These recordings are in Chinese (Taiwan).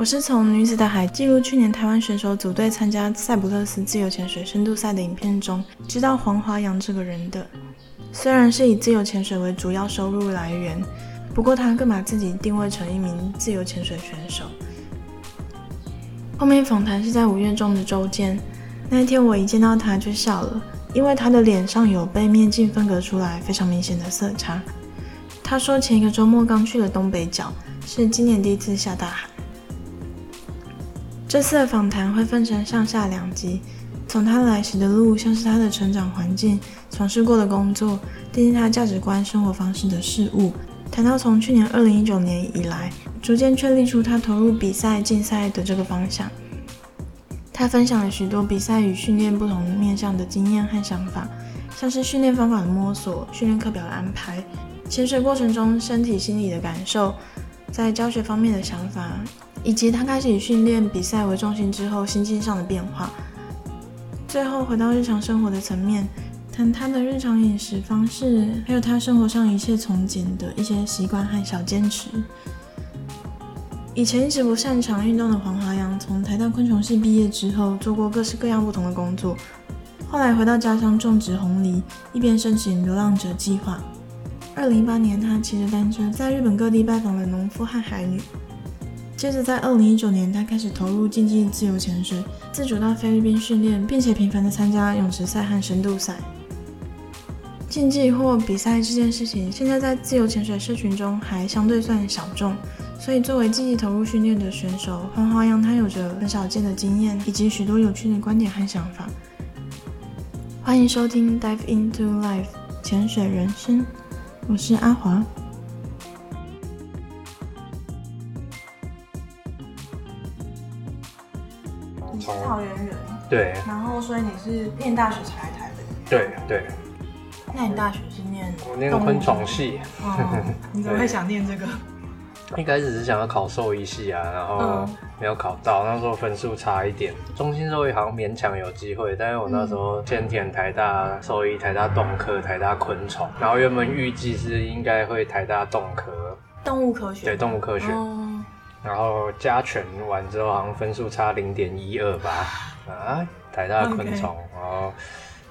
我是從《女子的海》記錄去年台灣選手組隊參加賽普勒斯自由潛水深度賽的影片中，知道黃華揚這個人的。雖然是以自由潛水為主要收入來源，不過他更把自己定位成一名自由潛水選手。後面訪談是在五月中的周間，那一天我一見到他就笑了，因為他的臉上有被面鏡分隔出來非常明顯的色差。他說前一個周末剛去了東北角，是今年第一次下大海。這次的訪談會分成上下兩集，從他來時的路，像是他的成長環境、從事過的工作、定義他價值觀、生活方式的事物，談到從去年二零一九年以來，逐漸確立出他投入比賽競賽的這個方向。他分享了許多比賽與訓練不同面向的經驗和想法，像是訓練方法的摸索、訓練課表的安排、潛水過程中身體心理的感受，在教學方面的想法。以及他開始以訓練比賽為中心之後心境上的變化，最後回到日常生活的層面，談他的日常飲食方式，還有他生活上一切從簡的一些習慣和小堅持。以前一直不擅長運動的黃華揚，從台大昆蟲系畢業之後，做過各式各樣不同的工作，後來回到家鄉種植紅藜，一邊申請流浪者計劃。二零一八年，他騎着單車在日本各地拜訪了農夫和海女。接着，在2019年，他開始投入競技自由潛水，自主到菲律賓訓練，並且頻繁地參加泳池賽和深度賽。競技或比賽這件事情，現在在自由潛水社群中還相對算小眾，所以作為積極投入訓練的選手，華揚讓他有着很少見的經驗，以及許多有趣的觀點和想法。歡迎收聽《Dive Into Life》潛水人生，我是阿華。桃園人對，然後所以你是念大學才來台北的對？對對。那你大學是念？我念昆蟲系。嗯。你怎麼會想念這個？一開始是想要考獸醫系啊，然後沒有考到，嗯、那時候分數差一點，中興獸醫好像勉強有機會，但是我那時候先填台大獸醫，台大動科，台大昆蟲，然後原本預計是應該會台大動科。動物科學。對，動物科學。嗯然後加權完之後，好像分數差零點一二吧。啊，台大昆蟲。Okay. 然後，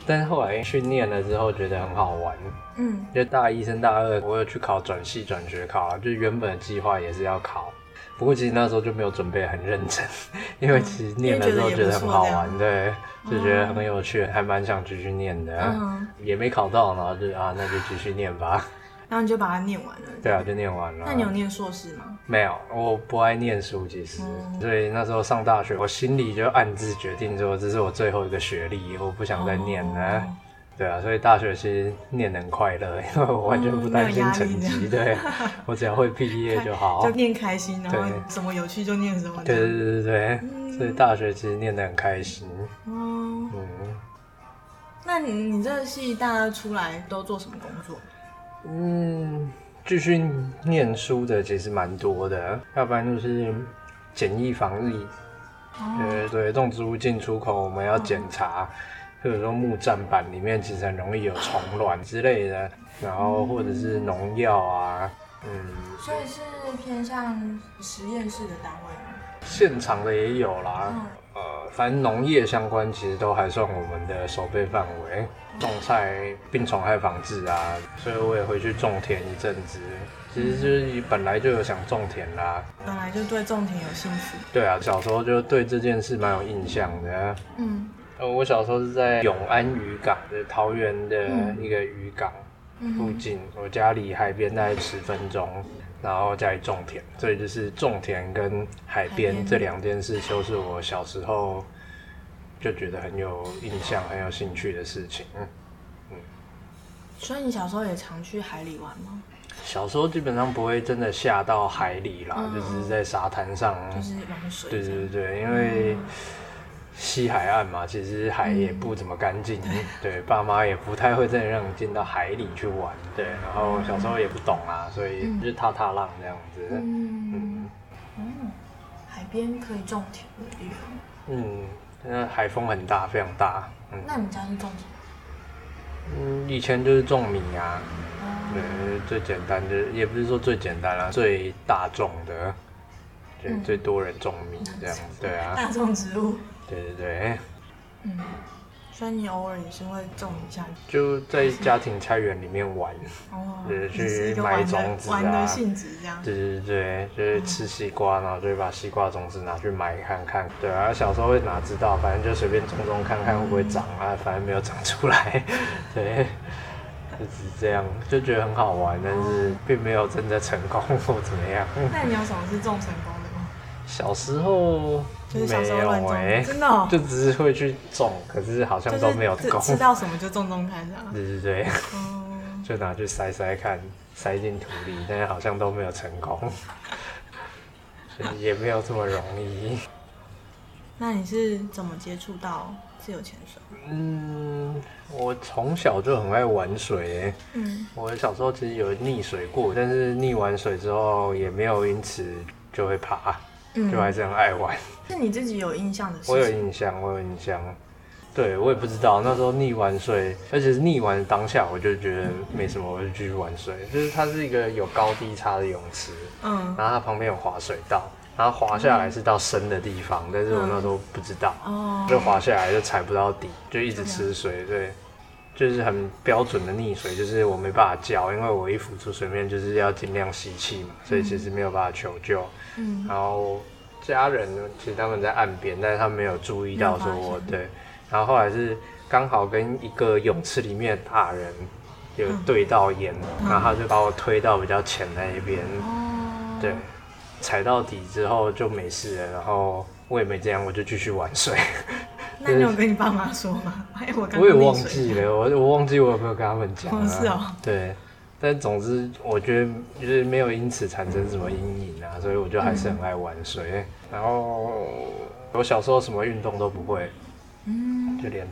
但是後來去念了之後，覺得很好玩。嗯，就大一升大二，我有去考轉系、轉學考，啊，就原本的計劃也是要考。不過其實那時候就沒有準備很認真，因為其實念了之後覺得很好玩，對，就覺得很有趣，還蠻想繼續念的。嗯，也沒考到，然後就啊，那就繼續念吧。然後你就把它念完了。對啊，就念完了。那你有念碩士嗎？沒有，我不愛念書，其實。嗯、所以那時候上大學，我心裡就暗自決定說，這是我最後一個學歷，我不想再念了。哦、對啊，所以大學其實念得很快樂，因為我完全不擔心成績。嗯、對，我只要會畢業就好。 就念開心，然後什麼有趣就念什麼。對，樣對對對對對，所以大學其實念得很開心。嗯。嗯，那你你這個系大家出來都做什麼工作？嗯，繼續念書的其實蠻多的，要不然就是檢疫防疫，呃、嗯，對，動植物進出口我們要檢查，或者、嗯、說木棧板裡面其實很容易有蟲卵之類的，然後或者是農藥啊，嗯，嗯所以是偏向實驗室的單位嗎，現場的也有啦，嗯、呃，反正農業相關其實都還算我們的守備範圍。種菜、病蟲害防治啊，所以我也會去種田一陣子。其實就是本來就有想種田啦、啊，本來就對種田有興趣。對啊，小時候就對這件事蠻有印象的、啊。嗯，呃，我小時候是在永安漁港的桃園的一個漁港附近，嗯、我家離海邊大概十分鐘，然後在種田，所以就是種田跟海邊邊這兩件事情，就是我小時候就覺得很有印象、很有興趣的事情。所以你小時候也常去海裡玩嗎？小時候基本上不會真的下到海裡啦，就是在沙灘上，就是玩水。對對對，因為西海岸嘛，其實海也不怎麼乾淨，對，爸媽也不太會真的讓你進到海裡去玩，對。然後小時候也不懂啊，所以就踏踏浪這樣子。嗯嗯，海邊可以種田的地方。嗯，那海風很大，非常大。嗯，那你家是種什麼？以前就是種米啊，啊對，最簡單的，也不是說最簡單啦、啊，最大眾的，最、嗯、最多人種米這樣，嗯、對啊，大眾植物，對對對，嗯。那你偶爾也是會種一下，就在家庭菜園裡面玩，對、哦，就是去買種子啊，玩的性質這樣。對對對，就是吃西瓜，然後就會把西瓜種子拿去買看看。嗯、對啊，小時候會哪知道，反正就隨便種種看看會不會長啊，嗯、反正沒有長出來。對，就只是這樣，就覺得很好玩，哦、但是並沒有真的成功或怎麼樣。那你有什麼是種成功的嗎？小時候。沒有哎、欸，真的，喔，就只是會去種，可是好像都沒有功，就是吃，吃到什麼就種種看，對對是是對，嗯、就拿去塞塞看，塞進土裡，但是好像都沒有成功， 所以也沒有這麼容易。 那你是怎麼接觸到自由潛水？嗯，我從小就很愛玩水，嗯，我小時候其實有溺水過，但是溺完水之後也沒有因此就會怕。就還這樣愛玩、嗯，是你自己有印象的事？我有印象，我有印象。對，我也不知道那時候溺完水，而且是溺完當下，我就覺得沒什麼，我就繼續玩水。嗯、就是它是一個有高低差的泳池，嗯，然後它旁邊有滑水道，然後滑下來是到深的地方，嗯、但是我那時候不知道，嗯哦、就滑下來就踩不到底，就一直吃水，對。就是很標準的溺水，就是我沒辦法叫，因為我一浮出水面就是要盡量吸氣嘛，所以其實沒有辦法求救。嗯，然後家人其實他們在岸邊，但是他們沒有注意到說我對。然後後來是剛好跟一個泳池裡面的大人有對到眼了，嗯、然後他就把我推到比較淺的那一邊。嗯、對，踩到底之後就沒事了，然後我也沒這樣，我就繼續玩水。那你有沒有跟你爸媽說嗎？我也忘記了，我我忘記我有沒有跟他們講了，啊。是 哦。對，但總之我覺得就是沒有因此產生什麼陰影啊，所以我就還是很愛玩水。嗯、然後我小時候什麼運動都不會，嗯，就連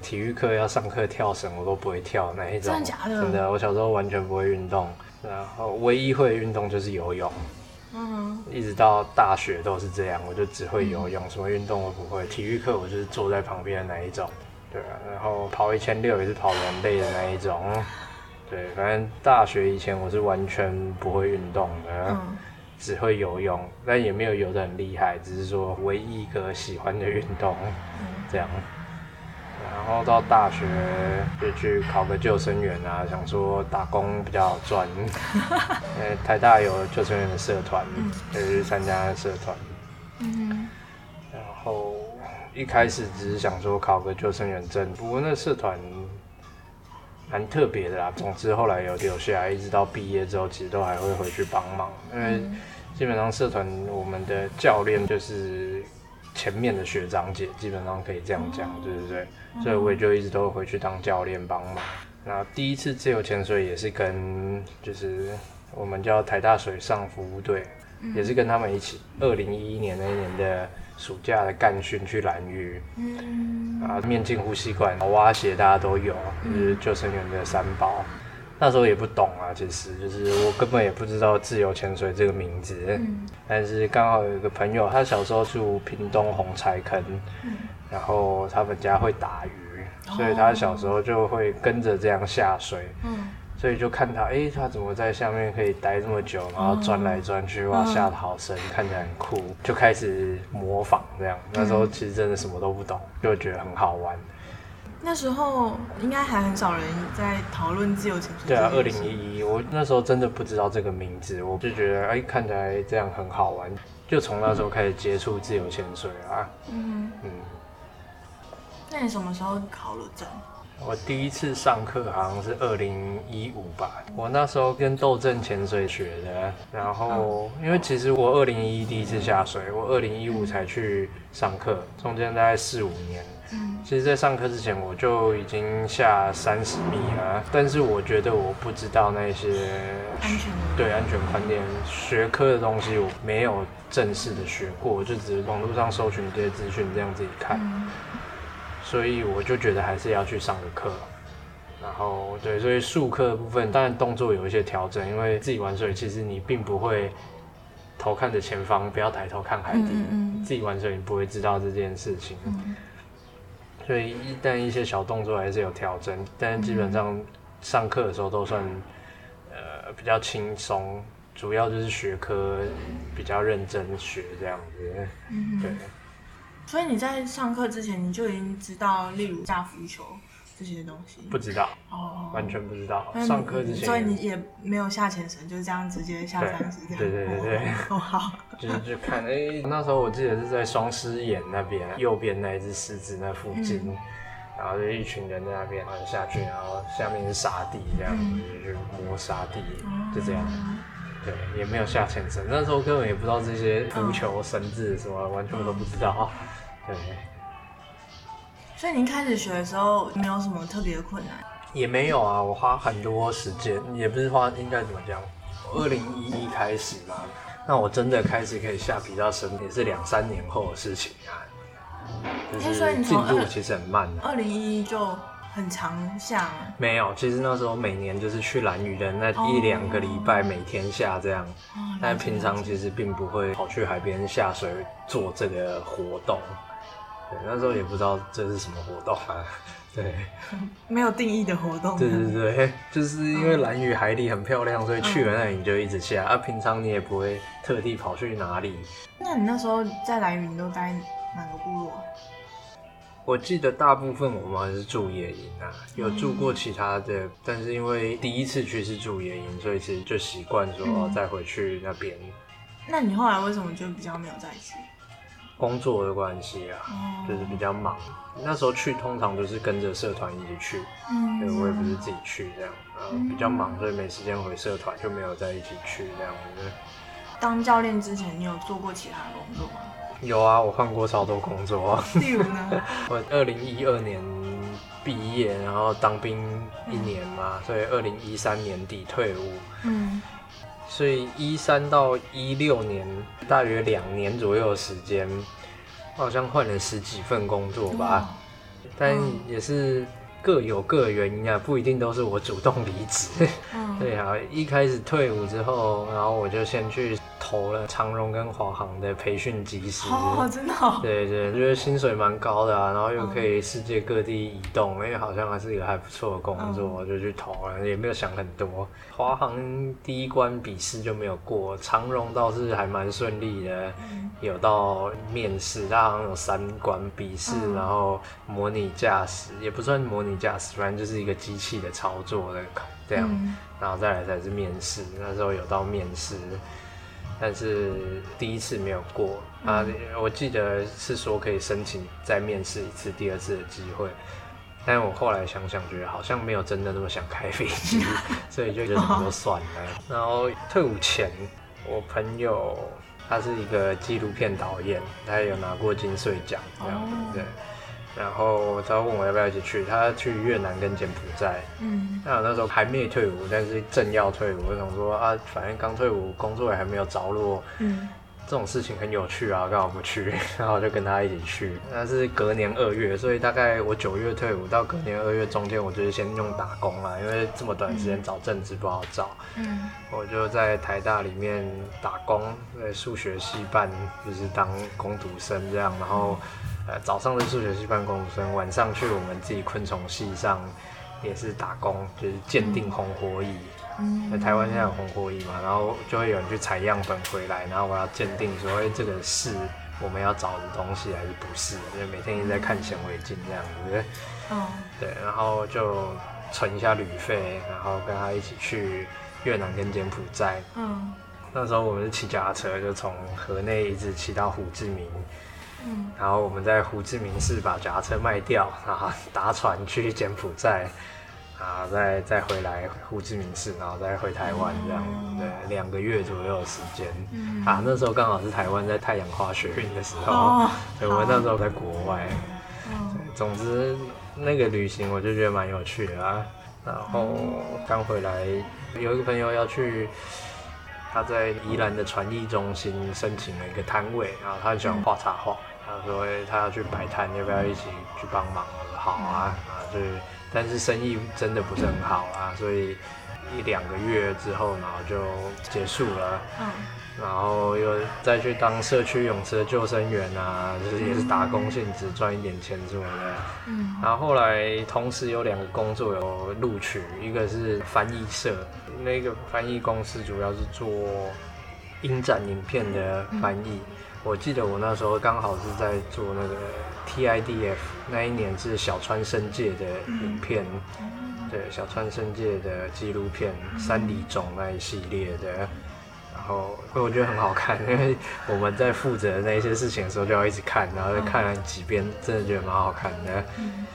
體育課要上課跳繩我都不會跳，那一種？真假的？真的，我小時候完全不會運動，然後唯一會的運動就是游泳。嗯，uh huh. 一直到大學都是這樣，我就只會游泳，嗯、什麼運動都不會。體育課我就是坐在旁邊的那一種，對然後跑一千六也是跑完累的那一種，對，反正大學以前我是完全不會運動的，uh huh. 只會游泳，但也沒有游得很厲害，只是說唯一一個喜歡的運動，uh huh. 這樣。然後到大學就去考個救生員啊，想說打工比較好賺。因為台大有救生員的社團，就、嗯、去參加那社團。嗯。然後一開始只是想說考個救生員證，不過那社團蠻特別的啦。總之後來有留下來，啊，一直到畢業之後，其實都還會回去幫忙，因為基本上社團我們的教練就是前面的學長姐，基本上可以這樣講，嗯、對不對？所以我也就一直都會回去當教練幫忙。那第一次自由潛水也是跟，就是我們叫台大水上服務隊，嗯、也是跟他們一起，二零一一年那一年的暑假的幹訓去蘭嶼，啊、嗯、面鏡、呼吸管、蛙鞋大家都有，就是救生員的三寶。那時候也不懂啊，其實就是我根本也不知道自由潛水這個名字，嗯、但是剛好有一個朋友，他小時候住屏東紅柴坑，嗯然後他們家會打魚，oh, 所以他小時候就會跟着這樣下水，嗯，所以就看他，哎、欸，他怎麼在下面可以待這麼久，嗯、然後鑽來鑽去，哇，下的好深，嗯、看起來很酷，就開始模仿這樣。那時候其實真的什麼都不懂，就覺得很好玩。嗯、那時候應該還很少人在討論自由潛水。對啊，二零一一，我那時候真的不知道這個名字，我就覺得哎、欸，看起來這樣很好玩，就從那時候開始接觸自由潛水啊。嗯嗯。嗯那你什麼時候考了證？我第一次上課好像是二零一五吧。我那時候跟斗正潛水學的，然後因為其實我二零一一第一次下水，我二零一五才去上課，中間大概四五年。嗯，其實在上課之前我就已經下三十米了啊，但是我覺得我不知道那些安全對，安全觀念、學科的東西我沒有正式的學過，我就只是網絡上搜尋一些資訊這樣自己看。嗯所以我就覺得還是要去上個課，然後對，所以術科的部分，當然動作有一些調整，因為自己玩，所以其實你並不會頭看着前方，不要抬頭看海底，嗯嗯嗯，自己玩，所以你不會知道這件事情。嗯、所以一旦一些小動作還是有調整，但基本上上課的時候都算、嗯、呃比較輕鬆，主要就是學科比較認真學這樣子，嗯嗯對。所以你在上課之前，你就已經知道，例如下浮球這些東西，不知道哦，完全不知道。嗯、上課之前，所以你也沒有下潛繩，就這樣直接下三十米。對對對對，很、哦哦、好。就是去看，哎、欸，那時候我記得是在雙獅眼那邊右邊那一隻獅子那附近，嗯、然後就一群人在那邊，然後下去，然後下面是沙地這樣子，嗯、就摸沙地，嗯、就這樣。對，也沒有下潛深，那時候根本也不知道這些足球、繩子什麼，嗯、完全都不知道對。所以你開始學的時候，沒有什麼特別困難？也沒有啊，我花很多時間，也不是花，應該怎麼講？二零一一開始嘛，那我真的開始可以下比較深，也是兩三年後的事情啊。就是進度其實很慢的。啊，二零一一就。很常下、啊，沒有。其實那時候每年就是去蘭嶼的那一兩個禮拜，每天下這樣。但平常其實並不會跑去海邊下水做這個活動。對，那時候也不知道這是什麼活動、啊，對， 沒有定義的活動。對對對，就是因為蘭嶼海底很漂亮，所以去了那裡你就一直下。Oh, okay. 啊，平常你也不會特地跑去哪裡。那你那時候在蘭嶼，你都待哪個部落、啊？我記得大部分我們還是住野營啊，有住過其他的，嗯、但是因為第一次去是住野營，所以其實就習慣說再回去那邊、啊。就是嗯、那你後來為什麼就比較沒有在一起？工作的關係啊，就是比較忙。那時候去通常都是跟着社團一起去，嗯、所以我也不是自己去這樣。然後比較忙，所以沒時間回社團，就沒有在一起去這樣子。當教練之前，你有做過其他工作嗎？有啊，我換過超多工作。 我二零一二年畢業，然後當兵一年嘛，嗯、所以二零一三年底退伍。嗯，所以一三到一六年，大約兩年左右的時間，我好像換了十幾份工作吧，嗯、但也是。各有各的原因啊，不一定都是我主動離職。 嗯、對啊，一開始退伍之後，然後我就先去投了長榮跟華航的培訓機師。哦，真的、哦。對對，覺、就、得、是、薪水蠻高的啊，然後又可以世界各地移動，嗯、因為好像還是一個還不錯的工作，嗯、就去投了，也沒有想很多。華航第一關筆試就沒有過，長榮倒是還蠻順利的，嗯、有到面試，他好像有三關筆試，嗯、然後模擬駕駛，也不算模擬。駕駛反正就是一個機器的操作的這樣，嗯、然後再來才是面試。那時候有到面試，但是第一次沒有過、嗯、啊。我記得是說可以申請再面試一次第二次的機會，但我後來想想，覺得好像沒有真的那麼想開飛機， 所以就就都算了。哦、然後退伍前，我朋友他是一個紀錄片導演，他有拿過金穗獎這樣，哦、對。然後他問我要不要一起去，他去越南跟柬埔寨。嗯，那，那時候還沒退伍，但是正要退伍，我想說啊，反正剛退伍，工作也還沒有着落，嗯，這種事情很有趣啊，剛好不去，然後就跟他一起去。那是隔年二月，所以大概我九月退伍，到隔年二月中間，我就是先用打工啦，因為這麼短時間找正職，不好找，嗯，我就在台大裡面打工，在數學系辦，就是當工讀生這樣，然後。呃，早上的數學系辦公室，晚上去我們自己昆蟲系上也是打工，就是鑑定紅火蟻。嗯，台灣現在有紅火蟻嘛，然後就會有人去採樣本回來，然後我要鑑定說，哎對、欸，這個是我們要找的東西還是不是？就每天一直在看顯微鏡這樣子，對。嗯，對，然後就存一下旅費，然後跟他一起去越南跟柬埔寨。嗯，那時候我們是騎腳踏車，就從河內一直騎到胡志明。然後我們在胡志明市把腳踏車賣掉後搭、啊、船去柬埔寨啊，再再回來胡志明市，然後再回台灣、嗯、這樣，對，兩個月左右的時間、嗯、啊，那時候剛好是台灣在太陽花學運的時候，哦、 對，我們那時候在國外，嗯、總之那個旅行我就覺得蠻有趣的啊。然後剛回來有一個朋友要去，他在宜蘭的傳藝中心申請了一個攤位，然後他很喜歡畫插畫。嗯說他要去擺攤，嗯、要不要一起去幫忙？好啊，嗯、啊，就但是生意真的不是很好啊，所以一兩個月之後，然後就結束了。嗯、然後又再去當社區泳池的救生員啊，就是也是打工性質，賺一點錢之類的。嗯。然後後來同時有兩個工作有錄取，一個是翻譯社，那個翻譯公司主要是做影展影片的翻譯。嗯嗯我記得我那時候剛好是在做那個 TIDF 那一年是小川紳介的影片，嗯、對小川紳介的紀錄片《三里塚》那一系列的，然後我覺得很好看，因為我們在負責那些事情的時候就要一直看，然後就看了幾遍，真的覺得蠻好看的。嗯、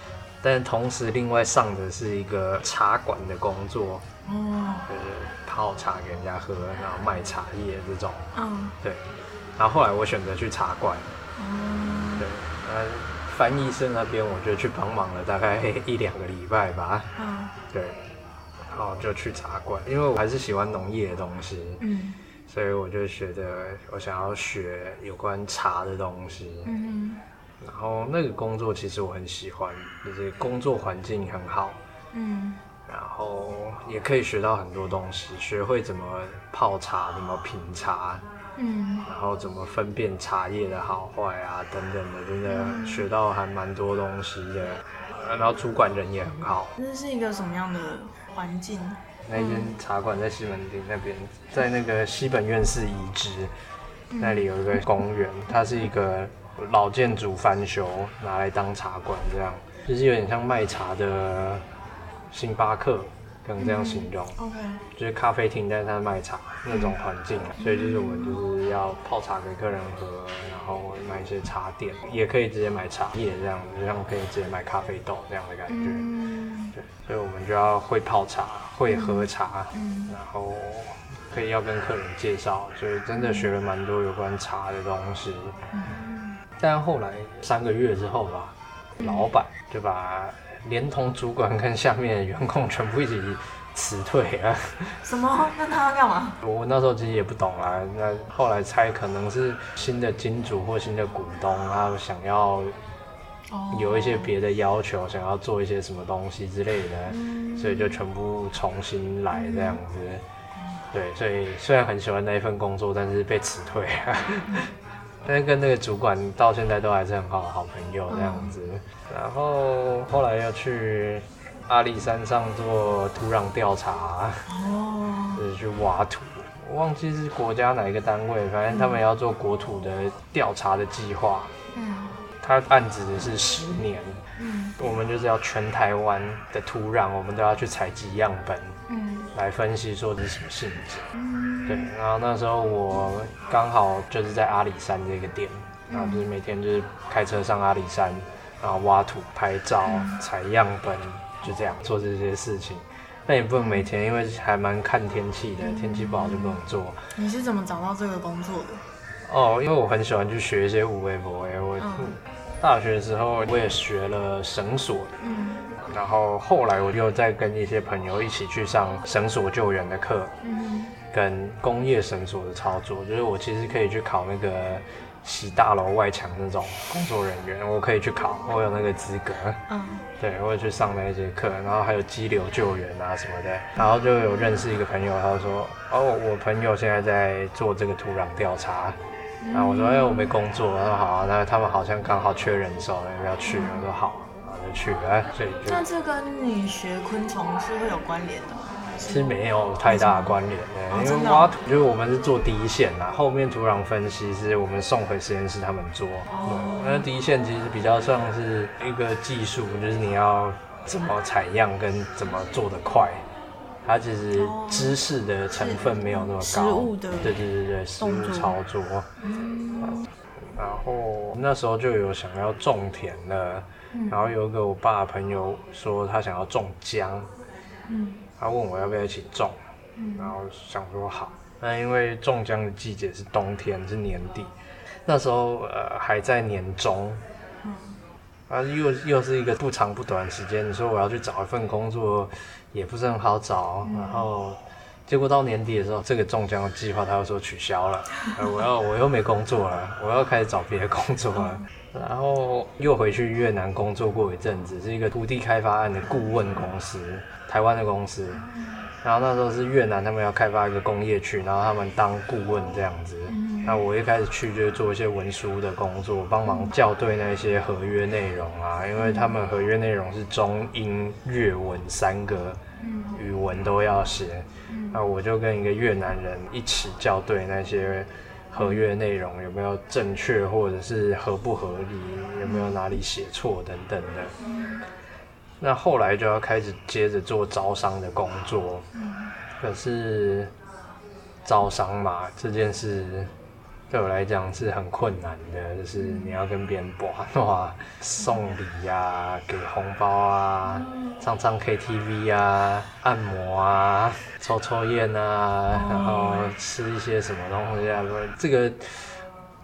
但同時另外上的是一個茶館的工作，嗯、就是泡茶給人家喝，然後賣茶葉這種。嗯。對。然後後來我選擇去茶館，嗯、對，呃，翻譯室那邊我就去幫忙了，大概一兩個禮拜吧，嗯、對，然後就去茶館，因為我還是喜歡農業的東西，嗯，所以我就覺得，我想要學有關茶的東西，嗯哼，然後那個工作其實我很喜歡，就是工作環境很好，嗯，然後也可以學到很多東西，學會怎麼泡茶，怎麼品茶。嗯，然後怎麼分辨茶葉的好壞啊，等等的，真的學到還蠻多東西的。嗯、然後主管人也很好。那是一個什麼樣的環境？那一間茶館在西門町那邊，嗯、在那個西本願寺遺址那裡有一個公園，嗯、它是一個老建築翻修拿來當茶館，這樣就是有點像賣茶的星巴克，可能這樣形容，Okay. 就是咖啡廳，但是他賣茶那種環境，所以就是我們就是要泡茶給客人喝，然後賣一些茶點，也可以直接買茶葉，這樣就像可以直接賣咖啡豆這樣的感覺、mm hmm. 對，所以我們就要會泡茶，會喝茶，mm hmm. 然後可以要跟客人介紹，所以真的學了蠻多有關茶的東西。Mm hmm. 但後來三個月之後吧，mm hmm. 老闆就把連同主管跟下面的員工全部一起辭退啊！什麼？那他幹嘛？ 我那時候其實也不懂啊。那後來猜可能是新的金主或新的股東，他們想要有一些別的要求，Okay. 想要做一些什麼東西之類的，嗯、所以就全部重新來這樣子。嗯、對，所以雖然很喜歡那一份工作，但是被辭退啊。嗯。但跟那個主管到現在都還是很好的好朋友這樣子，然後後來又去阿里山上做土壤調查，就是去挖土，我忘記是國家哪一個單位，反正他們要做國土的調查的計劃。他案子是十年。我們就是要全台灣的土壤，我們都要去採集樣本，來分析說這是什麼性質。對，然後，那時候我剛好就是在阿里山這個點、嗯、然啊，就是每天就是開車上阿里山，然後挖土、拍照、採、嗯、樣本，就這樣做這些事情。那也不能每天，嗯、因為還蠻看天氣的，嗯、天氣不好就不能做。你是怎麼找到這個工作的？哦，因為我很喜歡去學一些五戶外活動，嗯、大學的時候我也學了繩索，嗯、然後後來我又再跟一些朋友一起去上繩索救援的課，嗯。嗯跟工業繩索的操作，就是我其實可以去考那個洗大樓外牆那種工作人員，我可以去考，我有那個資格。嗯，對，我也去上了一節課，然後還有激流救援啊什麼的。然後就有認識一個朋友，他就說、嗯、哦，我朋友現在在做這個土壤調查。然後我說、嗯、哎，我沒工作。他說好啊，那他們好像剛好缺人手，要不要去？我說好，然後就去。哎、啊，所以對。那這跟你學昆蟲是會有關聯的。是沒有太大的關聯，欸哦哦、的、哦，因為挖土就是我們是做第一線啦，後面土壤分析是我們送回實驗室他們做。那第一線其實比較像是一個技術，嗯、就是你要怎麼採樣跟怎麼做得快，嗯、它其實知識的成分沒有那麼高。是嗯、實物的，對對對對，實物操作。嗯、然後那時候就有想要種田了，嗯、然後有一個我爸的朋友說他想要種薑，嗯他問我要不要一起種，嗯、然後想說好，那因為種薑的季節是冬天，是年底，嗯、那時候呃還在年中，嗯、啊又又是一個不長不短的時間。你說我要去找一份工作，也不是很好找，嗯、然後結果到年底的時候，這個種薑的計劃他又說取消了，嗯、我要我又沒工作了，我要開始找別的工作了。嗯然後又回去越南工作過一陣子，是一個土地開發案的顧問公司，台灣的公司。然後那時候是越南，他們要開發一個工業區，然後他們當顧問這樣子。那我一開始去就是做一些文書的工作，幫忙校對那些合約內容啊，因為他們合約內容是中英越文三個語文都要寫。那我就跟一個越南人一起校對那些。合約內容有沒有正確，或者是合不合理，有沒有哪裡寫錯等等的。那後來就要開始接着做招商的工作。可是招商嘛，這件事。對我來講是很困難的，就是你要跟別人玩話送禮呀、啊，給紅包啊，嗯、唱唱 KTV 啊，按摩啊，抽抽菸啊，嗯、然後吃一些什麼東西啊、哦，這個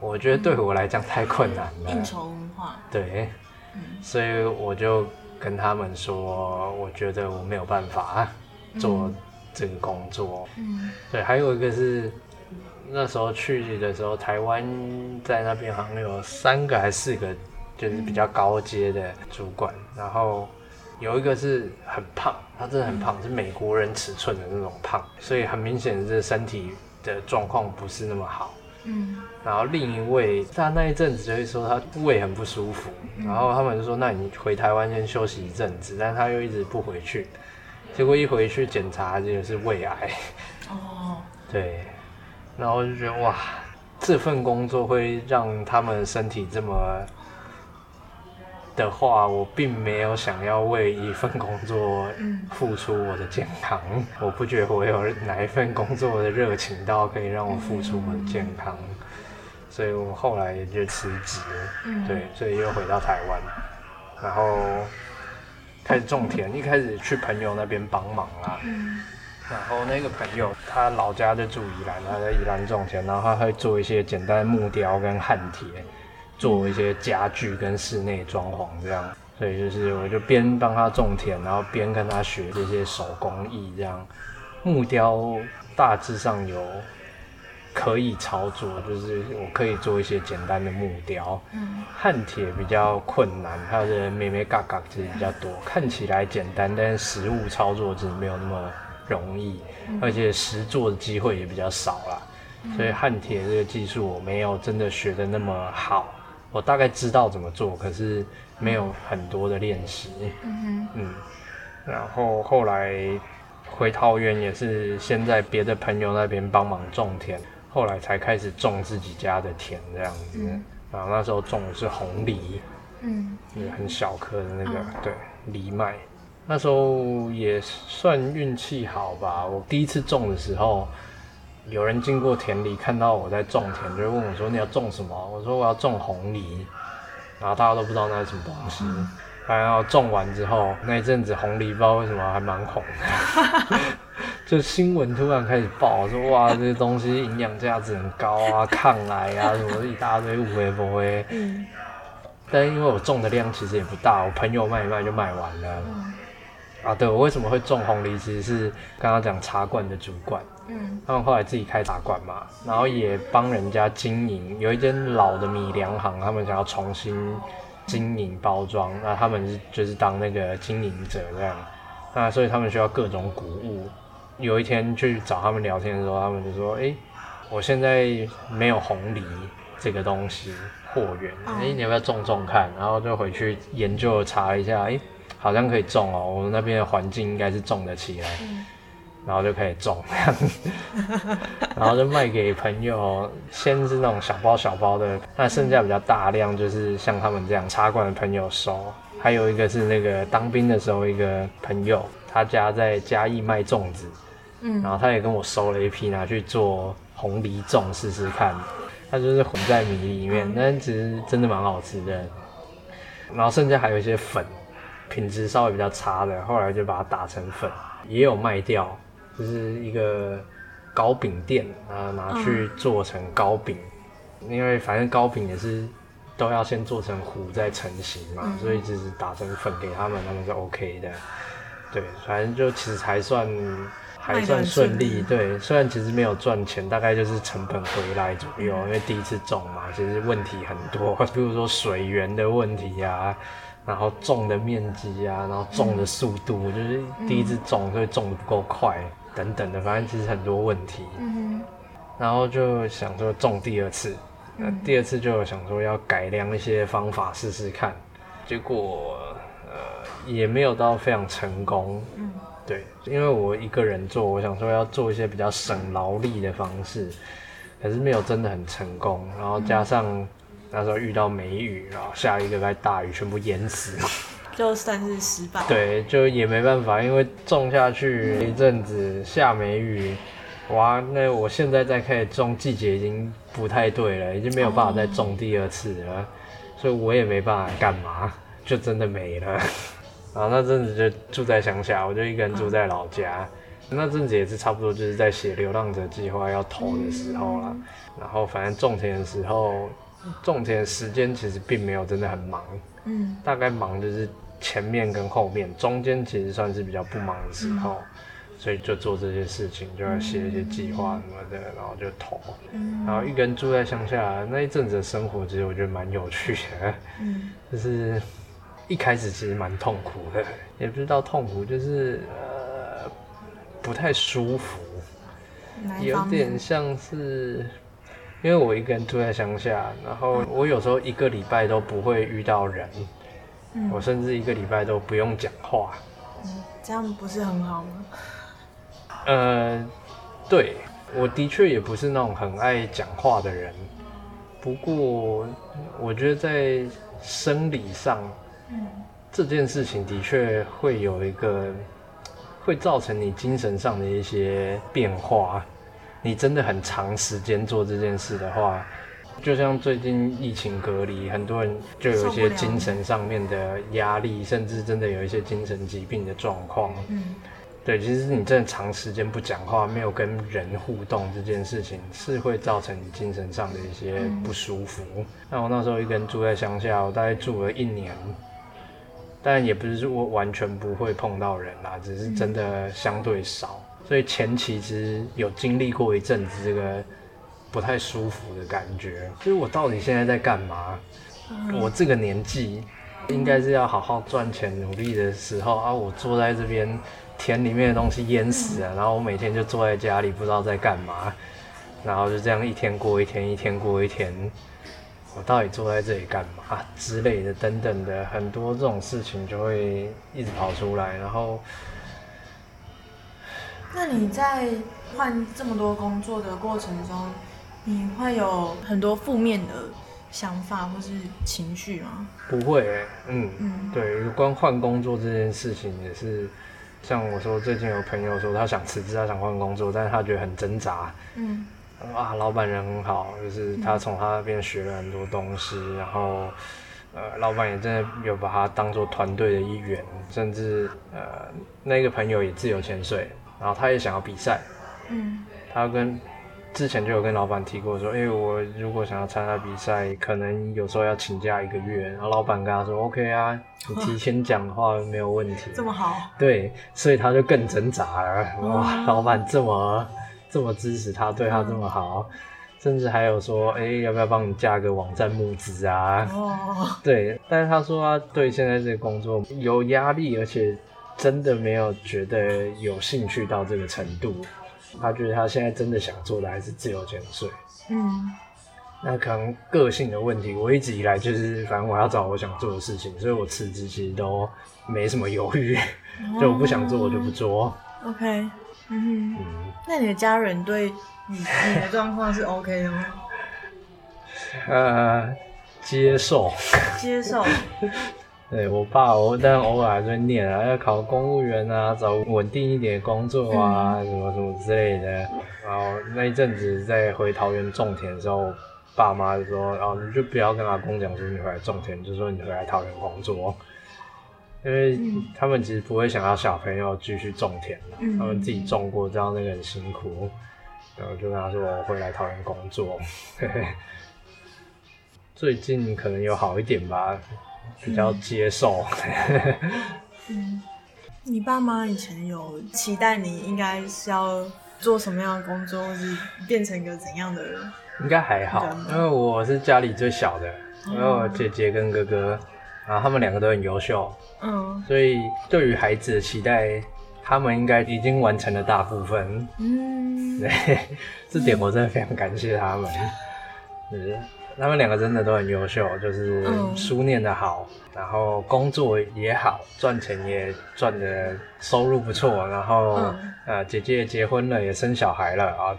我覺得對我來講太困難了。應酬、嗯、文化。對，嗯、所以我就跟他們說，我覺得我沒有辦法做這個工作。嗯嗯、對，還有一個是。那時候去的時候，台灣在那邊好像有三個還是四個，就是比較高階的主管。嗯、然後有一個是很胖，他真的很胖，嗯、是美國人尺寸的那種胖，所以很明顯是身體的狀況不是那麼好。嗯。然後另一位，他那一陣子就會說他胃很不舒服，然後他們就說：“那你回台灣先休息一陣子。”但他又一直不回去，結果一回去檢查就是胃癌。哦。 對。然後我就覺得哇，這份工作會讓他們身體這麼的話，我並沒有想要為一份工作付出我的健康。嗯、我不覺得我有哪一份工作的熱情到可以讓我付出我的健康，嗯、所以我後來就辭職，嗯、對，所以又回到台灣，然後開始種田。一開始去朋友那邊幫忙啊。嗯然後那個朋友，他老家就住宜蘭，他在宜蘭種田，然後他會做一些簡單木雕跟焊鐵，做一些家具跟室內裝潢這樣。所以就是，我就邊幫他種田，然後邊跟他學這些手工藝這樣。木雕大致上有可以操作，就是我可以做一些簡單的木雕。嗯。焊鐵比較困難，它的眉眉角角這些比較多，看起來簡單，但是實務操作其實沒有那麼。容易，而且實做的機會也比較少啦。嗯、所以焊鐵這個技術我沒有真的學得那麼好，我大概知道怎麼做，可是沒有很多的練習。嗯，嗯，嗯，然後後來回桃園也是先在別的朋友那邊幫忙種田，後來才開始種自己家的田這樣子。嗯、然後那時候種的是紅藜，嗯，很小顆的那個，嗯、對，藜麥。那時候也算運氣好吧。我第一次種的時候，有人經過田裡看到我在種田，就是、問我說：“你要種什麼？”我說：“我要種紅藜。”然後大家都不知道那是什麼東西。然後種完之後，那一陣子紅藜不知道為什麼還蠻紅的， 就新聞突然開始報說：“哇，這些東西營養價值很高啊，抗癌啊什麼一大堆沒沒，五五 a。”但是因為我種的量其實也不大，我朋友賣一賣就賣完了。嗯啊，對，我為什麼會種紅藜其實是剛剛講茶館的主管，嗯，他們後來自己開茶館嘛，然後也幫人家經營。有一間老的米糧行，他們想要重新經營包裝，那他們就是當那個經營者這樣，啊，所以他們需要各種穀物。有一天去找他們聊天的時候，他們就說，哎、欸，我現在沒有紅藜這個東西貨源，哎、欸，你要不要種種看？然後就回去研究查一下，誒、欸好像可以種哦、喔，我們那邊的環境應該是種得起來，然後就可以種，然後就賣給朋友，先是那種小包小包的，那剩下比較大量，就是像他們這樣茶館的朋友收，還有一個是那個當兵的時候一個朋友，他家在嘉義賣粽子，嗯，然後他也跟我收了一批，拿去做紅藜粽試試看，他就是混在米裡面，那其實真的蠻好吃的，然後剩下還有一些粉。品質稍微比較差的，後來就把它打成粉，也有賣掉。就是一個糕餅店啊，然後拿去做成糕餅，嗯、因為反正糕餅也是都要先做成糊再成型嘛，嗯、所以就是打成粉給他們，他們是 OK 的。對，反正就其實還算還算順利。利，對，雖然其實沒有賺錢，大概就是成本回來左右，嗯、因為第一次種嘛，其實問題很多，比如說水源的問題呀、啊。然後種的面積啊，然後種的速度，嗯、就是第一次種，所以種得不夠快，嗯、等等的，反正其實很多問題。嗯、哼然後就想說種第二次，嗯、第二次就想說要改良一些方法試試看，結果呃也沒有到非常成功。嗯、對，因為我一個人做，我想說要做一些比較省勞力的方式，還是沒有真的很成功。然後加上。那時候遇到梅雨，然後下一個開大雨，全部淹死就算是失敗。對，就也沒辦法，因為種下去一陣子下梅雨，嗯、哇，那我現在再開始種，季節已經不太對了，已經沒有辦法再種第二次了，嗯、所以我也沒辦法幹嘛，就真的沒了。 然後那陣子就住在鄉下，我就一個人住在老家，嗯、那陣子也是差不多就是在寫流浪者計劃要投的時候啦，嗯、然後反正種田的時候。嗯種田時間其實並沒有真的很忙，嗯，大概忙就是前面跟後面，中間其實算是比較不忙的時候，嗯、所以就做這些事情，就要寫一些計劃什、嗯、麼的，然後就投，嗯、然後一個人住在鄉下那一陣子的生活，其實我覺得蠻有趣的，嗯，就是一開始其實蠻痛苦的，也不知道痛苦，就是呃不太舒服，有點像是。因為我一個人住在鄉下，然後我有時候一個禮拜都不會遇到人，嗯，我甚至一個禮拜都不用講話。嗯，這樣不是很好嗎？呃，對，我的確也不是那種很愛講話的人。不過，我覺得在生理上，嗯，這件事情的確會有一個，會造成你精神上的一些變化。你真的很長時間做這件事的話，就像最近疫情隔離，很多人就有一些精神上面的壓力，甚至真的有一些精神疾病的狀況。嗯、對，其實你真的長時間不講話，沒有跟人互動這件事情，是會造成你精神上的一些不舒服。嗯、那我那時候一個人住在鄉下，我大概住了一年，但也不是說完全不會碰到人啦，只是真的相對少。嗯所以前期其實有經歷過一陣子這個不太舒服的感覺，就是我到底現在在幹嘛？我這個年紀應該是要好好賺錢、努力的時候啊！我坐在這邊，田裡面的東西淹死了，然後我每天就坐在家裡不知道在幹嘛，然後就這樣一天過一天，一天過一天，我到底坐在這裡幹嘛之類的等等的很多這種事情就會一直跑出來，然後。那你在換這麼多工作的過程中，你會有很多負面的想法或是情緒嗎？不會、欸，嗯，嗯對，關換工作這件事情也是，像我說，最近有朋友說他想辭職，他想換工作，但是他覺得很掙扎。嗯，啊，老闆人很好，就是他從他那邊學了很多東西，嗯、然後，呃，老闆也真的有把他當做團隊的一員，甚至呃，那個朋友也自由潛水。然後他也想要比賽，嗯，他跟之前就有跟老闆提過說，哎、欸，我如果想要參加比賽，可能有時候要請假一個月。然後老闆跟他說呵，OK 啊，你提前講的話沒有問題。這麼好？對，所以他就更掙扎了。哇、哦，老闆這麼這麼支持他，對他這麼好，嗯、甚至還有說，哎、欸，要不要幫你架個網站募資啊？哦，對，但是他說他，對，現在這個工作有壓力，而且。真的沒有覺得有興趣到這個程度，他覺得他現在真的想做的還是自由潛水。嗯，那可能個性的問題。我一直以來就是，反正我要找我想做的事情，所以我辭職其實都沒什麼猶豫，哦、 就我不想做，我就不做。嗯 OK，嗯哼，嗯，那你的家人對你，你的狀況是 OK 的嗎？ 呃，接受，接受。 對我爸，我但偶爾還在念啊，要考公務員啊，找穩定一點的工作啊，什麼什麼之類的。然後那一陣子在回桃園種田的時候，我爸媽就說：“然後你就不要跟阿公講說你回來種田，就說你回來桃園工作。”因為他們其實不會想要小朋友繼續種田，他們自己種過，這樣那個很辛苦。然後就跟他說：“我回來桃園工作。 ”最近可能有好一點吧。比較接受嗯。 嗯，你爸媽以前有期待你，應該是要做什麼樣的工作，或是變成一個怎樣的人？應該還好，對因為我是家裡最小的，我有、嗯、姐姐跟哥哥，然後他們兩個都很優秀，嗯，所以對於孩子的期待，他們應該已經完成了大部分。嗯，這點我真的非常感謝他們。嗯是他們兩個真的都很優秀，就是書念得好，oh. 然後工作也好，賺錢也賺得收入不錯。然後、oh. 呃，姐姐結婚了，也生小孩了啊。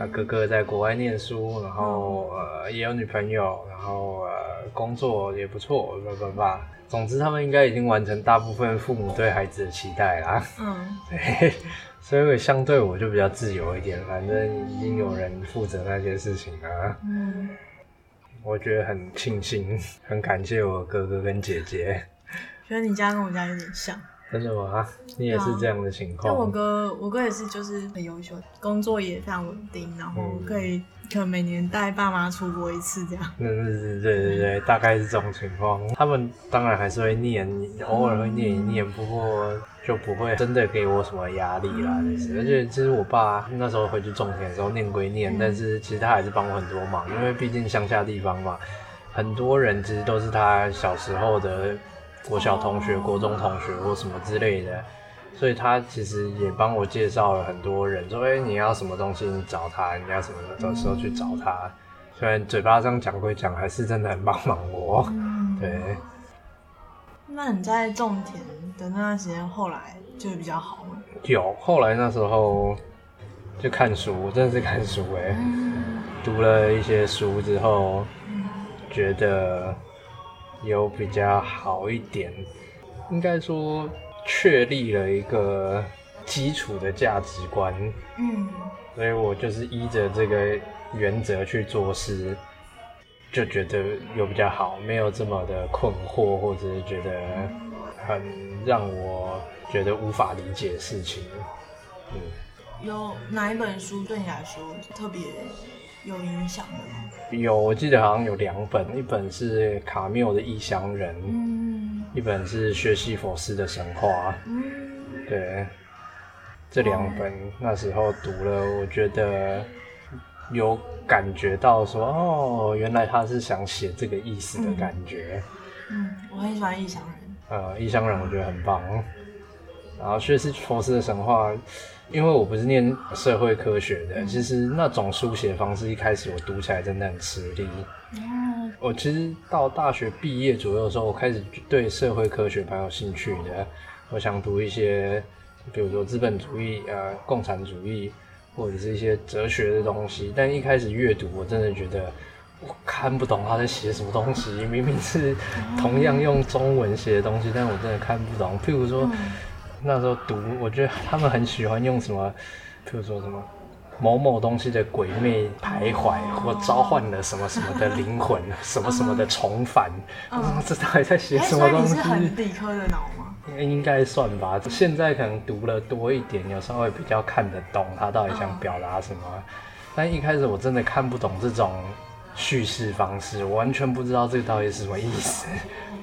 Oh. 哥哥在國外念書，然後、oh. 呃也有女朋友，然後、呃、工作也不錯，叭叭叭。總之，他們應該已經完成大部分父母對孩子的期待啦。嗯，oh. 所以相對我就比較自由一點，反正已經有人負責那些事情啊。嗯。Oh. 我覺得很慶幸，很感謝我哥哥跟姐姐。覺得你家跟我家有點像。真的嗎？你也是這樣的情況。啊、但我哥，我哥也是，就是很優秀，工作也非常穩定，然後我可以可能每年帶爸媽出國一次這樣。對對對對對對， 大概是這種情況。他們當然還是會念，偶爾會念、嗯、念不，不過。就不會真的給我什麼壓力啦，就是，而且其實我爸那時候回去種田的時候念歸念，嗯、但是其實他還是幫我很多忙，因為畢竟鄉下地方嘛，很多人其實都是他小時候的國小同學、國中同學或什麼之類的，哦、所以他其實也幫我介紹了很多人說，說、欸、哎你要什麼東西你找他，你要什麼到時候去找他。嗯、雖然嘴巴上講歸講，還是真的很幫忙我，嗯、對。那你在種田的那段時間，後來就會比較好嗎？有，後來那時候就看書，我真的是看書誒，嗯、讀了一些書之後，嗯、覺得有比較好一點，應該說確立了一個基礎的價值觀。嗯，所以我就是依着這個原則去做事。就覺得有比較好，沒有這麼的困惑，或者是覺得很讓我覺得無法理解的事情。嗯，有哪一本書對你來說特別有影響的嗎？有，我記得好像有兩本，一本是卡繆的《異鄉人》，嗯，一本是薛西佛斯的神話。嗯、對，這兩本、嗯、那時候讀了，我覺得。有感覺到說哦，原來他是想寫這個意思的感覺。嗯，嗯，我很喜歡《異鄉人》。呃，《異鄉人》我覺得很棒。然後《薛西弗斯的神話》，因為我不是念社會科學的，嗯、其實那種書寫方式一開始我讀起來真的很吃力。嗯、我其實到大學畢業左右的時候，我開始對社會科學蠻有興趣的。我想讀一些，比如說資本主義、呃，共產主義。或者是一些哲學的東西，但一開始閱讀，我真的覺得我看不懂他在寫什麼東西。明明是同樣用中文寫的東西，但我真的看不懂。譬如說，那時候讀，我覺得他們很喜歡用什麼，譬如說什麼某某東西的鬼魅徘徊，或召喚了什麼什麼的靈魂，嗯、什麼什麼的重返。我說、嗯嗯、這到底在寫什麼東西？欸、是很理科的腦嗎？應該算吧，現在可能讀了多一點，有時候會比較看得懂他到底想表達什麼。嗯、但一開始我真的看不懂這種敘事方式，我完全不知道這個到底是什麼意思。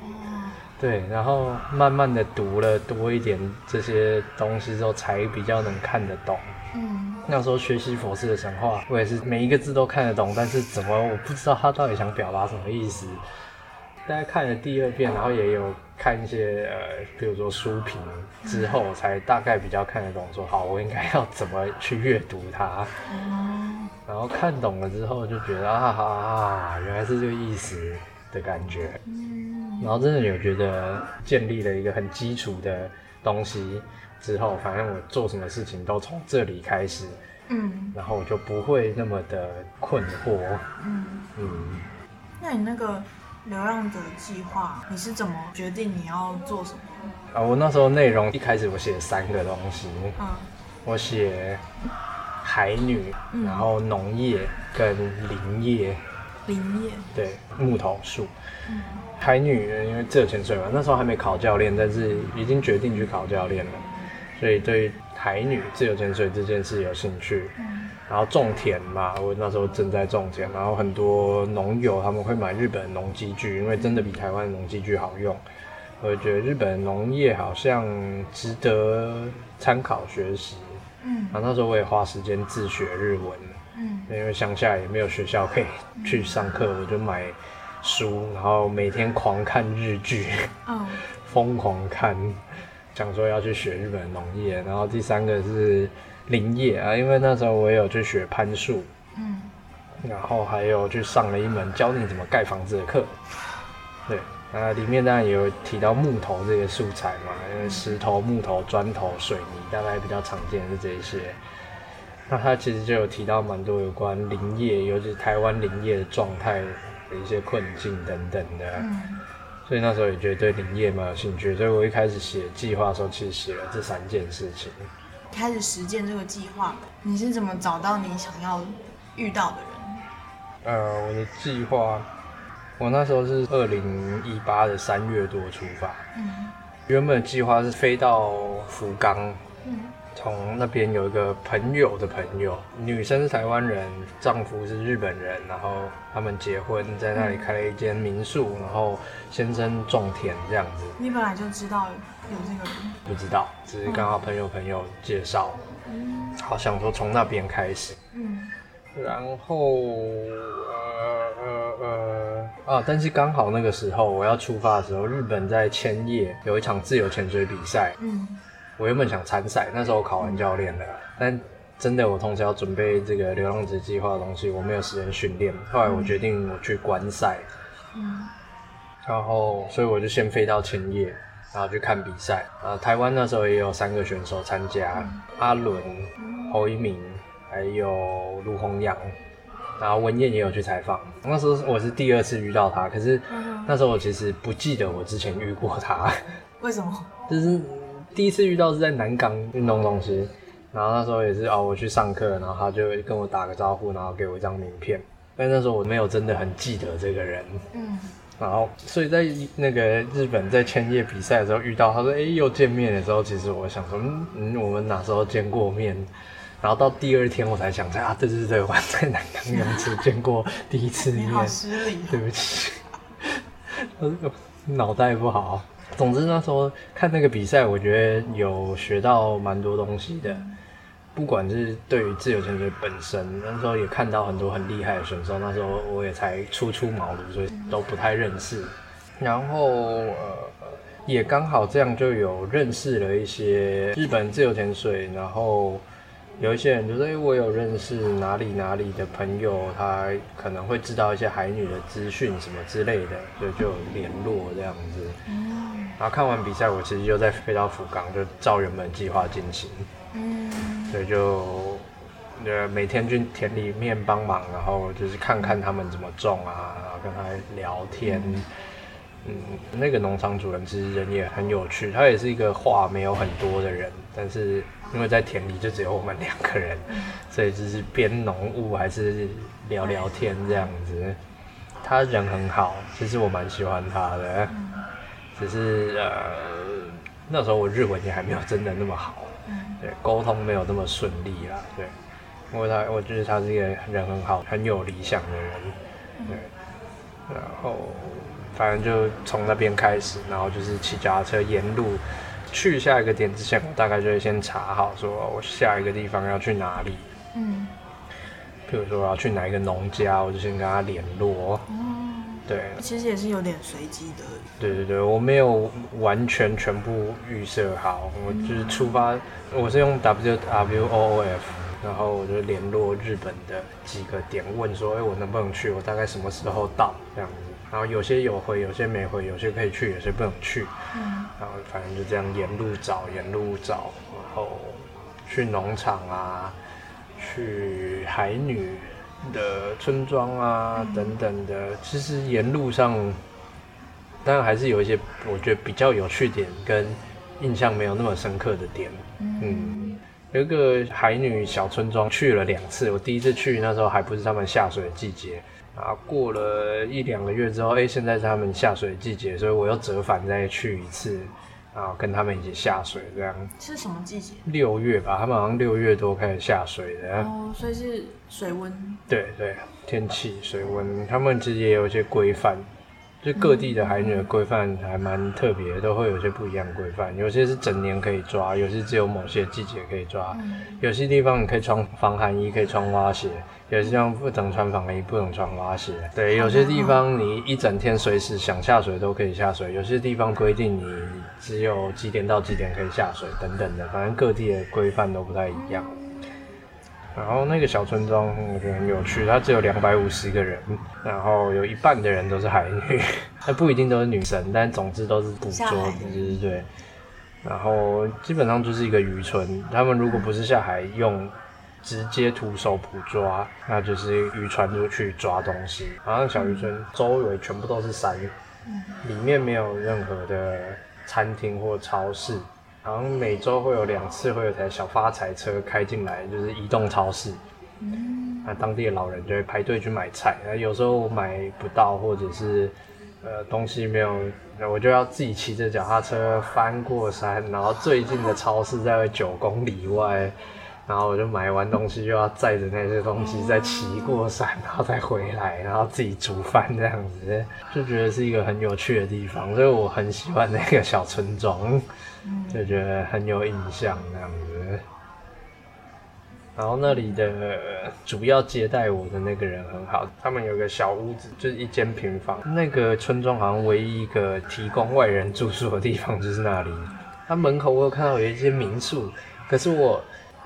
嗯、對，然後慢慢的讀了多一點這些東西之後，才比較能看得懂。嗯，那時候學習佛寺的神話，我也是每一個字都看得懂，但是怎麼我不知道他到底想表達什麼意思。大概看了第二遍，然後也有看一些呃，比如說書評之後，嗯、才大概比較看得懂說，說好，我應該要怎麼去閱讀它？嗯、然後看懂了之後，就覺得啊啊啊，原來是這個意思的感覺。嗯、然後真的有覺得建立了一個很基礎的東西之後，反正我做什麼事情都從這裡開始。嗯、然後我就不會那麼的困惑。嗯嗯。嗯，那你那個？流浪者計劃，你是怎麼決定你要做什麼啊？我那時候內容一開始我寫三個東西，嗯、我寫海女，嗯、然後農業跟林業，林業對木頭樹，嗯、海女因為自由潛水嘛，那時候還沒考教練，但是已經決定去考教練了，所以對。海女自由潛水這件事有興趣，嗯、然後種田嘛，我那時候正在種田，然後很多農友他們會買日本農機具，因為真的比台灣農機具好用，我覺得日本農業好像值得參考學習。嗯，然後那時候我也花時間自學日文，嗯，因為鄉下也沒有學校可以去上課，我就買書，然後每天狂看日劇，嗯、哦， 瘋狂看。講說要去學日本農業，然後第三個是林業啊，因為那時候我也有去學攀樹，嗯、然後還有去上了一門教你怎麼蓋房子的課，對，那裡面當然也有提到木頭這些素材嘛，因為、嗯、石頭、木頭、磚頭、水泥，大概比較常見的是這些，那它其實就有提到蠻多有關林業，尤其是台灣林業的狀態的一些困境等等的。嗯所以那時候也覺得對林業蠻有興趣，所以我一開始寫計劃的時候，其實寫了這三件事情。開始實踐這個計劃，你是怎麼找到你想要遇到的人？呃，我的計劃，我那時候是二零一八的三月多出發，嗯，原本計劃是飛到福岡。從那邊有一個朋友的朋友，女生是台灣人，丈夫是日本人，然後他們結婚在那裡開了一間民宿，嗯、然後先生種田這樣子。你本來就知道有這個人？不知道，只是剛好朋友朋友介紹。嗯、好，想說，從那邊開始。嗯、然後，呃呃呃、啊，但是剛好那個時候我要出發的時候，日本在千葉有一場自由潛水比賽。嗯我原本想參賽，那時候我考完教練了，嗯、但真的我同時要準備這個流浪者計劃的東西，我沒有時間訓練。後來我決定我去觀賽，嗯，然後所以我就先飛到千葉，然後去看比賽。呃，台灣那時候也有三個選手參加，阿倫、侯一鳴，還有陸宏陽，然後文燕也有去採訪。那時候我是第二次遇到他，可是那時候我其實不記得我之前遇過他，為什麼？ 就是。第一次遇到是在南港運動中心，然後那時候也是啊、哦，我去上課，然後他就跟我打個招呼，然後給我一張名片，但那時候我沒有真的很記得這個人。嗯，然後所以在那個日本在千葉比賽的時候遇到，他說哎、欸、又見面的時候，其實我想說嗯嗯我們哪時候見過面？然後到第二天我才想起來啊對對對，我還在南港泳池見過第一次面， 你好失禮，對不起，我 腦袋不好。總之那時候看那個比賽，我覺得有學到蠻多東西的。不管是對於自由潛水本身，那時候也看到很多很厲害的選手。那時候我也才初出茅廬，所以都不太認識。然後呃，也剛好這樣就有認識了一些日本自由潛水。然後有一些人就說：“我有認識哪裡哪裡的朋友，他可能會知道一些海女的資訊什麼之類的。”所以就聯絡這樣子。然後看完比賽，我其實又再飛到福岡，就照原本計劃進行。嗯，所以就呃每天去田裡面幫忙，然後就是看看他們怎麼種啊，然後跟他聊天。嗯，那個農場主人其實人也很有趣，他也是一個話沒有很多的人，但是因為在田裡就只有我們兩個人，所以就是邊農務還是聊聊天這樣子。他人很好，其實我蠻喜歡他的。嗯只是呃，那時候我日文也還沒有真的那麼好，嗯、對，溝通沒有那麼順利啊，對。因為他，我覺得他是一個人很好、很有理想的人，對。嗯、然後，反正就從那邊開始，然後就是騎腳踏車沿路去下一個點之前，我大概就會先查好，說我下一個地方要去哪裡。嗯。譬如說我要去哪一個農家，我就先跟他聯絡。嗯對，其實也是有點隨機的。對對對，我沒有完全全部預設好，我就是出發，我是用 WWOOF，嗯，然後我就聯絡日本的幾個點，問說，哎，欸，我能不能去？我大概什麼時候到？這樣子。然後有些有回，有些沒回，有些可以去，有些不能去。嗯。然後反正就這樣沿路找，沿路找，然後去農場啊，去海女。的村莊啊，等等的，嗯、其實沿路上，當然還是有一些我覺得比較有趣點，跟印象沒有那麼深刻的點。嗯，嗯，有一個海女小村莊，去了兩次。我第一次去那時候還不是他們下水的季節，然後過了一兩個月之後，哎、欸，現在是他們下水的季節，所以我又折返再去一次。然後跟他們一起下水這樣。是什麼季節？六月吧，他們好像六月多開始下水的。哦，所以是水溫。對,對對，天氣、水溫，他們其實也有一些規範。就各地的海女的規範還蠻特別，都會有些不一樣的規範。有些是整年可以抓，有些只有某些季節可以抓。有些地方你可以穿防寒衣，可以穿蛙鞋；有些地方不能穿防寒衣，不能穿蛙鞋。對，有些地方你一整天隨時想下水都可以下水；有些地方規定你只有幾點到幾點可以下水等等的。反正各地的規範都不太一樣。然後那個小村莊我覺得很有趣，它只有兩百五十個人，然後有一半的人都是海女，那不一定都是女生，但總之都是捕捉的，對。然後基本上就是一個漁村，他們如果不是下海用直接徒手捕抓，那就是漁船出去抓東西。好像小漁村周圍全部都是山，裡面沒有任何的餐廳或超市。好像每週會有兩次會有台小發財車開進來，就是移動超市。那、嗯啊、當地的老人就會排隊去買菜。啊、有時候我買不到，或者是呃東西沒有、啊，我就要自己騎着腳踏車翻過山，然後最近的超市在九公里外。然後我就買完東西，就要載着那些東西再騎過山，然後再回來，然後自己煮飯這樣子，就覺得是一個很有趣的地方，所以我很喜歡那個小村莊，就覺得很有印象那樣子。然後那裡的主要接待我的那個人很好，他們有個小屋子，就是一間平房。那個村莊好像唯一一個提供外人住宿的地方就是那裡。他門口我有看到有一些民宿，可是我。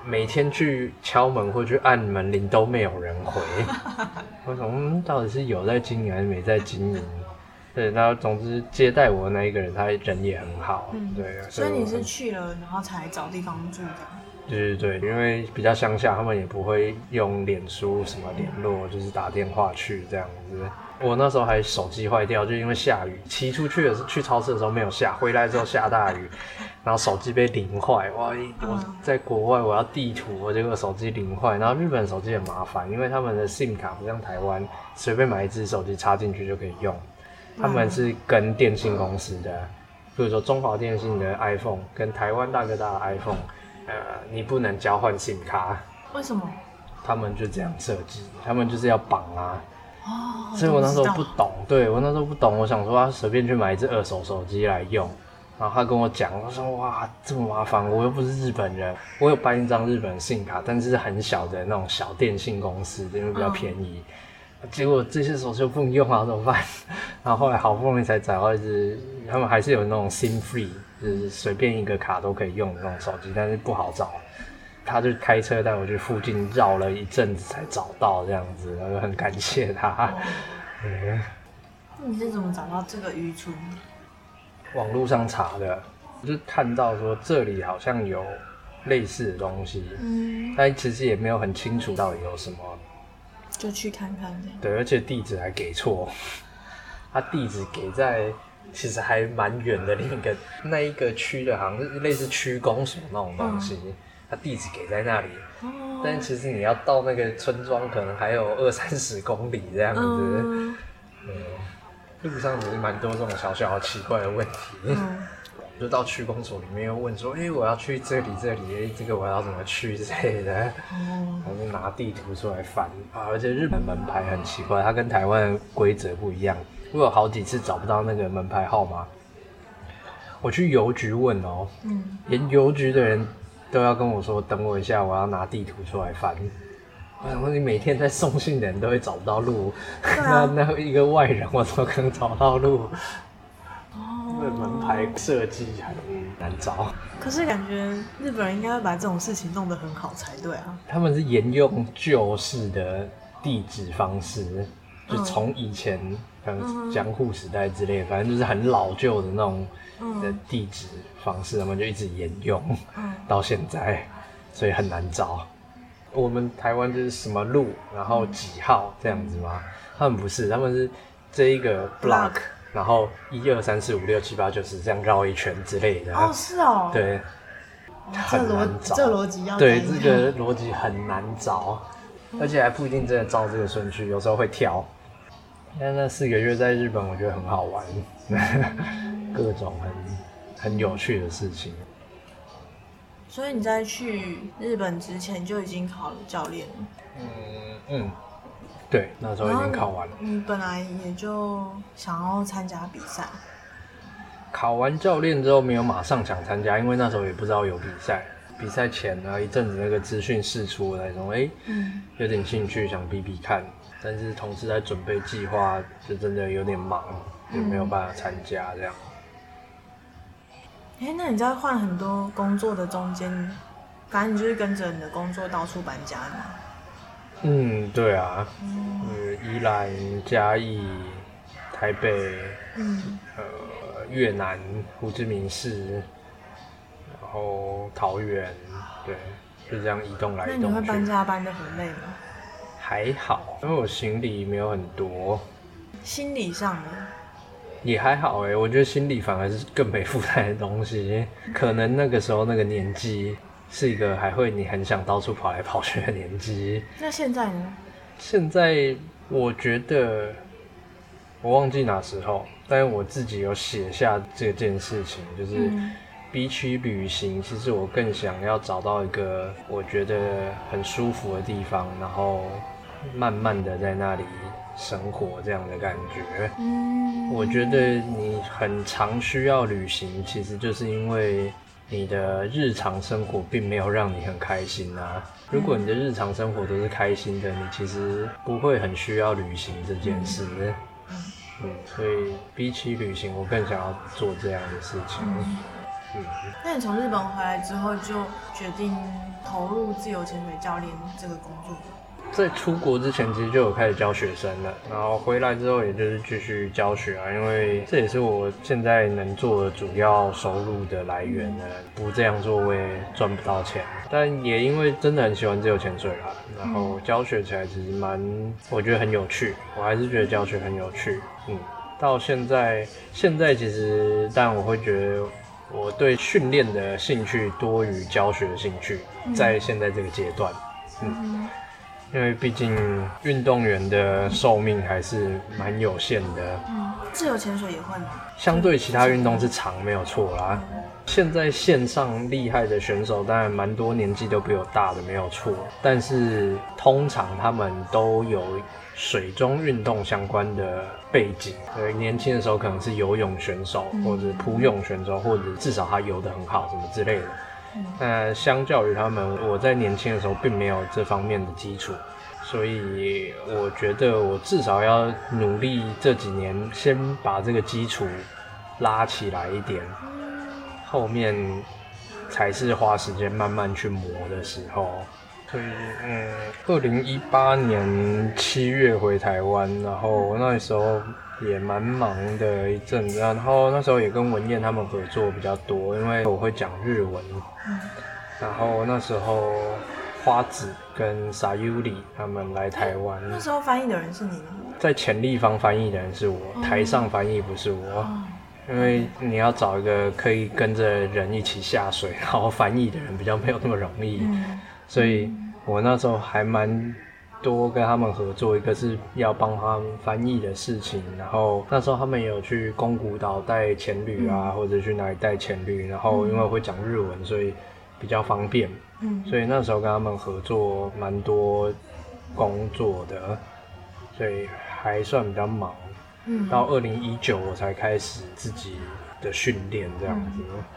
每天去敲門或去按門鈴都沒有人回， 我講、嗯、到底是有在經營還是沒在經營？ 對，那總之接待我的那一個人，他人也很好，嗯、對。所以，所以你是去了，然後才找地方住的。對對對，因為比較鄉下，他們也不會用臉書什麼聯絡，嗯啊、就是打電話去這樣子。嗯啊我那時候還手機壞掉，就因為下雨，騎出去的時候去超市的時候沒有下，回來之後下大雨，然後手機被淋壞。哇！我在國外我要地圖，我這個手機淋壞，然後日本手機很麻煩，因為他們的 SIM 卡不像台灣，隨便買一只手機插進去就可以用。他們是跟電信公司的，比如說中華電信的 iPhone，跟台灣大哥大的 iPhone，呃，你不能交換 SIM 卡。為什麼？他們就這樣設計，他們就是要綁啊。Oh, 所以，我那時候不懂，對，我那時候不懂，我想說，他隨便去買一支二手手機來用。然後他跟我講，他說哇，這麼麻煩，我又不是日本人，我有辦一張日本 SIM 卡，但是，是很小的那種小電信公司，因為比較便宜。Oh. 結果這些手機又不能用啊，怎麼辦？ 然後後來好不容易才找到一支，他們還是有那種 SIM free，就是隨便一個卡都可以用的那種手機，但是不好找。他就開車帶我去附近繞了一陣子才找到，這樣子，然後就很感謝他。哦，嗯、你是怎麼找到這個漁村？網絡上查的，我就看到說這裡好像有類似的東西，嗯、但其實也沒有很清楚到底有什麼。就去看看的。對，而且地址還給錯， 他地址給在其實還蠻遠的另一個那一個區的，好像是類似區公所那種東西。嗯他地址給在那裡，但其實你要到那個村莊，可能還有二三十公里這樣子。嗯，嗯，路上也是蠻多這種小小奇怪的問題。嗯、 就到區公所裡面又問說：“哎、欸，我要去這裡這裡，哎、欸，這個我要怎麼去之類的？”哦、嗯，還是拿地圖出來翻啊！而且日本門牌很奇怪，它跟台灣規則不一樣，我有好幾次找不到那個門牌號碼。我去郵局問哦、喔，嗯，連郵局的人。都要跟我說，等我一下，我要拿地圖出來翻。我想問你每天在送信的人都會找不到路，那、啊、 那一個外人，我怎麼可能找到路？哦，oh. 那門牌設計很難找。可是感覺日本人應該會把這種事情弄得很好才對啊。他們是沿用舊式的地址方式，oh. 就從以前可能江戶時代之類，反正就是很老舊的那種的地址方式，他們就一直沿用到現在，所以很難找。我們台灣就是什麼路，然後幾號這樣子嗎？他們不是，他們是這一個 block，然後一二三四五六七八九十這樣繞一圈之類的。哦，是哦。對，很難找。這邏這邏輯要對這個邏輯很難找，而且還不一定真的照這個順序，有時候會跳。但那四個月在日本，我覺得很好玩。各種很很有趣的事情，所以你在去日本之前就已經考了教練了。嗯嗯，對，那時候已經考完了。嗯，本來也就想要參加比賽。考完教練之後沒有馬上想參加，因為那時候也不知道有比賽。比賽前呢，一陣子那個資訊釋出的那種，誒、欸，有點興趣想比比看，但是同時在準備計劃，就真的有點忙，就沒有辦法參加這樣。嗯哎，那你在換很多工作的中間，反正你就是跟着你的工作到處搬家嘛。嗯，對啊。嗯，嗯，宜蘭、嘉義、台北，嗯，呃，越南胡志明市，然後桃園，對，就這樣移動來移動去。那你會搬家搬得很累嗎？還好，因為我行李沒有很多。心理上的。也還好誒，我覺得心裡反而是更沒負擔的東西。可能那個時候那個年紀是一個還會你很想到處跑來跑去的年紀。那現在呢？現在我覺得我忘記哪時候，但是我自己有寫下這件事情，就是比起旅行，其實我更想要找到一個我覺得很舒服的地方，然後慢慢的在那裡。生活這樣的感覺，我覺得你很常需要旅行，其實就是因為你的日常生活並沒有讓你很開心啊。如果你的日常生活都是開心的，你其實不會很需要旅行這件事。嗯，所以比起旅行，我更想要做這樣的事情。嗯，嗯，那你從日本回來之後，就決定投入自由潛水教練這個工作。在出國之前，其實就有開始教學生了。然後回來之後，也就是繼續教學啊，因為這也是我現在能做的主要收入的來源呢。不這樣做，我也賺不到錢。但也因為真的很喜歡自由潛水啦，然後教學起來其實蠻，我覺得很有趣。我還是覺得教學很有趣。嗯，到現在，現在其實，但我會覺得我對訓練的興趣多於教學的興趣，在現在這個階段。嗯。因為畢竟運動員的壽命還是蠻有限的。嗯，自由潛水也會嗎？相對其他運動是長沒有錯啦。現在線上厲害的選手當然蠻多年紀都比我大的沒有錯，但是通常他們都有水中運動相關的背景，而年輕的時候可能是游泳選手或者蹼泳選手，或者至少他游得很好什麼之類的。呃，相較於他們，我在年輕的時候並沒有這方面的基礎，所以我覺得我至少要努力這幾年，先把這個基礎拉起來一點，後面才是花時間慢慢去磨的時候。所以，嗯，二零一八年七月回台灣，然後那時候。也蠻忙的一陣子，啊，然後那時候也跟文燕他們合作比較多，因為我會講日文。嗯，然後那時候花子跟沙優里他們來台灣。欸。那時候翻譯的人是你嗎？在潛立方翻譯的人是我，台上翻譯不是我。嗯，因為你要找一個可以跟着人一起下水然後翻譯的人比較沒有那麼容易。嗯，所以我那時候還蠻。多跟他們合作，一個是要幫他們翻譯的事情，然後那時候他們也有去宮古島帶潛旅啊，嗯、或者去哪裡帶潛旅，然後因為會講日文，嗯、所以比較方便。嗯，所以那時候跟他們合作蠻多工作的，所以還算比較忙。嗯，到二零一九我才開始自己的訓練，這樣子。嗯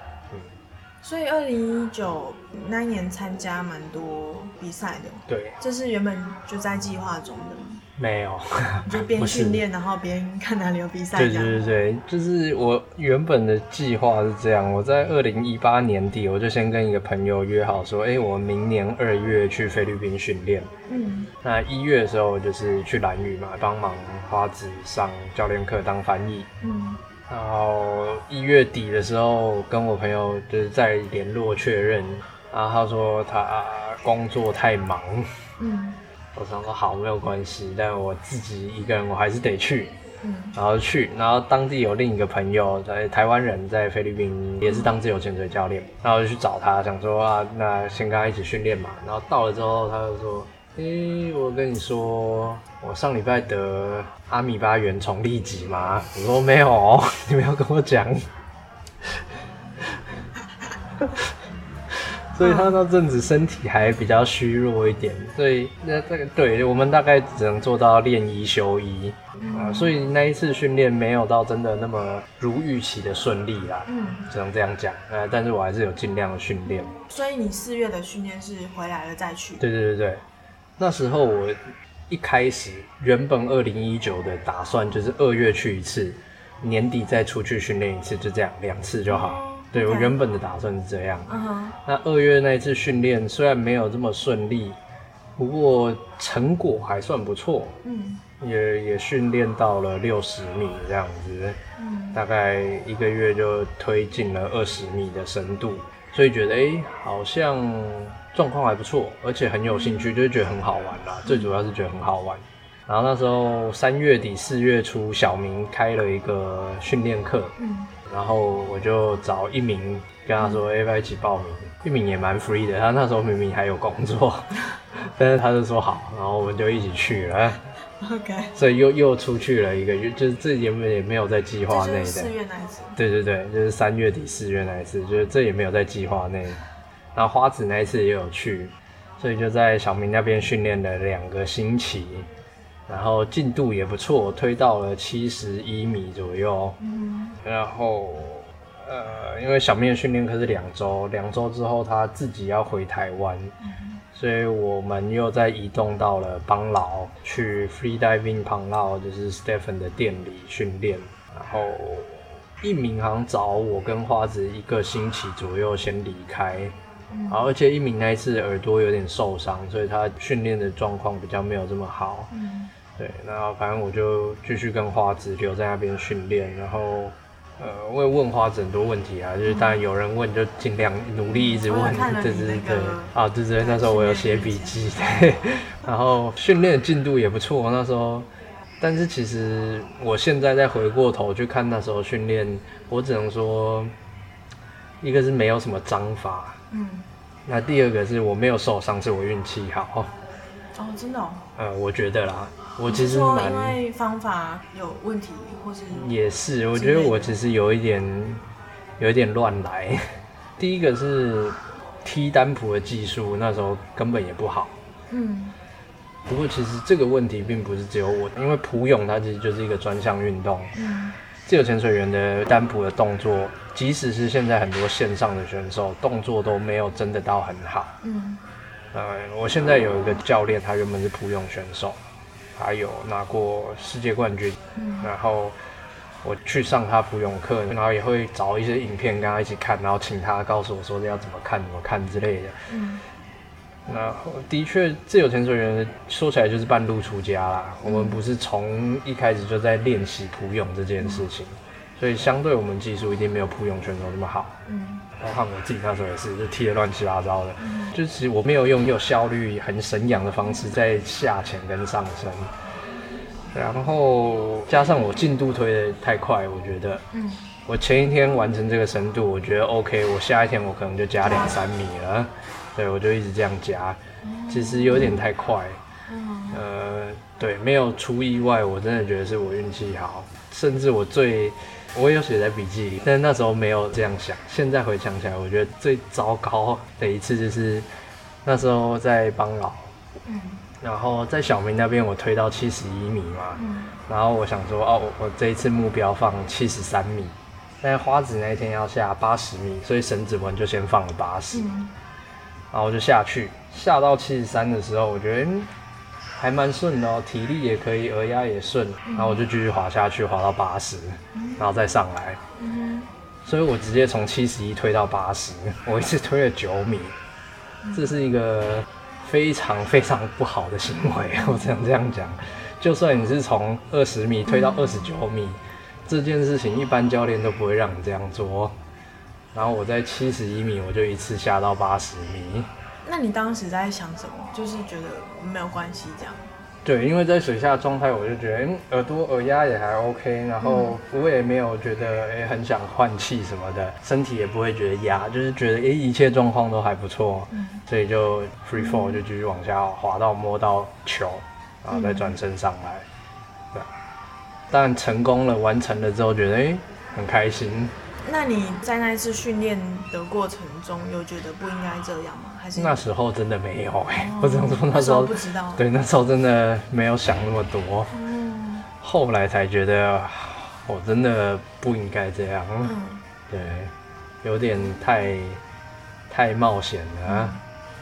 所以二零一九那年參加蠻多比賽的，對，就是原本就在計劃中的嗎？沒有， 就邊訓練，是然後邊看哪裡有比賽。對，對對對，就是我原本的計劃是這樣，我在二零一八年底我就先跟一個朋友約好說，哎、欸，我明年二月去菲律賓訓練，嗯，那一月的時候我就是去蘭嶼嘛，幫忙花子上教練課當翻譯，嗯。然後一月底的時候，跟我朋友就是在聯絡確認，然後他說他工作太忙，嗯，我想說好，沒有關係，但我自己一個人我還是得去，嗯，然後去，然後當地有另一個朋友，台台灣人在菲律賓也是當自由潛水教練，嗯、然後就去找他，想說啊，那先跟他一起訓練嘛，然後到了之後，他就說。咦、欸，我跟你說，我上禮拜得阿米巴原蟲痢疾嗎？我說沒有。喔，你沒有跟我講。 所以他那陣子身體還比較虛弱一點，所以那這個對，對我們大概只能做到練一休一。啊、嗯、所以那一次訓練沒有到真的那麼如預期的順利啦，啊，只、嗯、能這樣講。呃，但是我還是有盡量的訓練。所以你四月的訓練是回來了再去？對對對對。那時候我一開始原本二零一九的打算就是二月去一次，年底再出去訓練一次，就這樣兩次就好。Okay. 對，我原本的打算是這樣。Uh huh. 那二月那次訓練雖然沒有這麼順利，不過成果還算不錯、嗯。也也訓練到了六十米這樣子，嗯、大概一個月就推進了二十米的深度，所以覺得哎、欸，好像。狀況還不錯，而且很有興趣，嗯、就是覺得很好玩啦。嗯、最主要是覺得很好玩。然後那時候三月底四月初，小明開了一個訓練課，嗯，然後我就找一名跟他說 a 不要一起報名。嗯、一名也蠻 free 的，他那時候明明還有工作， 但是他就說好，然後我們就一起去了。OK。所以又又出去了一個月，就是這也沒也沒有在計劃內。的。四月那一次。對對對，就是三月底四月那一次，就是這也沒有在計劃內。那花子那一次也有去，所以就在小明那邊訓練了兩個星期，然後進度也不錯，推到了七十一米左右。嗯，然後呃，因為小明的訓練課是兩周，兩周之後他自己要回台灣，嗯、所以我們又再移動到了邦勞去 free diving 邦勞就是 Stephen 的店裡訓練。然後一民航找我跟花子一個星期左右先離開。嗯、好，而且一鳴那一次耳朵有點受傷，所以他訓練的狀況比較沒有這麼好。嗯，對，然後反正我就繼續跟花子就在那邊訓練，然後呃，我也問花子很多問題啊，就是當然有人問就盡量努力一直問。嗯、對對對，那個、啊，對，對對，那時候我有寫筆記，對。然後訓練進度也不錯。那時候，但是其實我現在再回過頭去看那時候訓練，我只能說，一個是沒有什麼章法。嗯，那第二個是我沒有受傷，是我運氣好。哦，真的哦？呃，我覺得啦，說我其實蠻因為方法有問題，或是也是，我覺得我其實有一點有一點亂來。 第一個是踢單蹼的技術，那時候根本也不好。嗯，不過其實這個問題並不是只有我，因為蹼泳它其實就是一個專項運動。嗯自由潛水員的單蹼的動作，即使是現在很多線上的選手，動作都沒有真的到很好。嗯，呃，我現在有一個教練，他原本是蹼泳選手，他有拿過世界冠軍。嗯，然後我去上他蹼泳課，然後也會找一些影片跟他一起看，然後請他告訴我說要怎麼看、怎麼看之類的。嗯。那的確，自由潛水員說起來就是半路出家啦。嗯、我們不是從一開始就在練習蹼泳這件事情，所以相對我們技術一定沒有蹼泳選手那麼好。嗯，包括我自己那時候也是，就踢的亂七八糟的。嗯、就是其實我沒有用有效率、很省氧的方式在下潛跟上升，然後加上我進度推的太快，我覺得，嗯，我前一天完成這個深度，我覺得 OK，我下一天我可能就加兩三米了。嗯對，我就一直這樣夾，其實有點太快。嗯，呃，對，沒有出意外，我真的覺得是我運氣好。甚至我最，我也有寫在筆記裡，但是那時候沒有這樣想。現在回想起來，我覺得最糟糕的一次就是那時候在邦勞，嗯，然後在小明那邊我推到七十一米嘛，嗯，然後我想說，哦，我這一次目標放七十三米，但花子那一天要下八十米，所以繩子文就先放了八十。嗯然後我就下去，下到七十三的時候，我覺得、嗯、還蠻順的、哦，體力也可以，額壓也順。然後我就繼續滑下去，滑到八十，然後再上來。所以我直接從七十一推到八十，我一次推了九米。這是一個非常非常不好的行為，我只能這樣講。就算你是從二十米推到二十九米，嗯、這件事情一般教練都不會讓你這樣做。然後我在七十一米，我就一次下到八十米。那你當時在想什麼？就是覺得沒有關係這樣。對，因為在水下的狀態，我就覺得、欸、耳朵耳壓也還 OK，然後我也沒有覺得哎、欸、很想換氣什麼的，身體也不會覺得壓就是覺得哎、欸、一切狀況都還不錯，嗯、所以就 free fall 就繼續往下滑到摸到球，然後再轉身上來。嗯、但成功了完成了之後，覺得哎、欸、很開心。那你在那一次訓練的過程中，有覺得不應該這樣嗎？還是那時候真的沒有哎、欸，哦、我當初那，那時候不知道，對，那時候真的沒有想那麼多。嗯。後來才覺得，我真的不應該這樣。嗯、對，有點太太冒險了。嗯。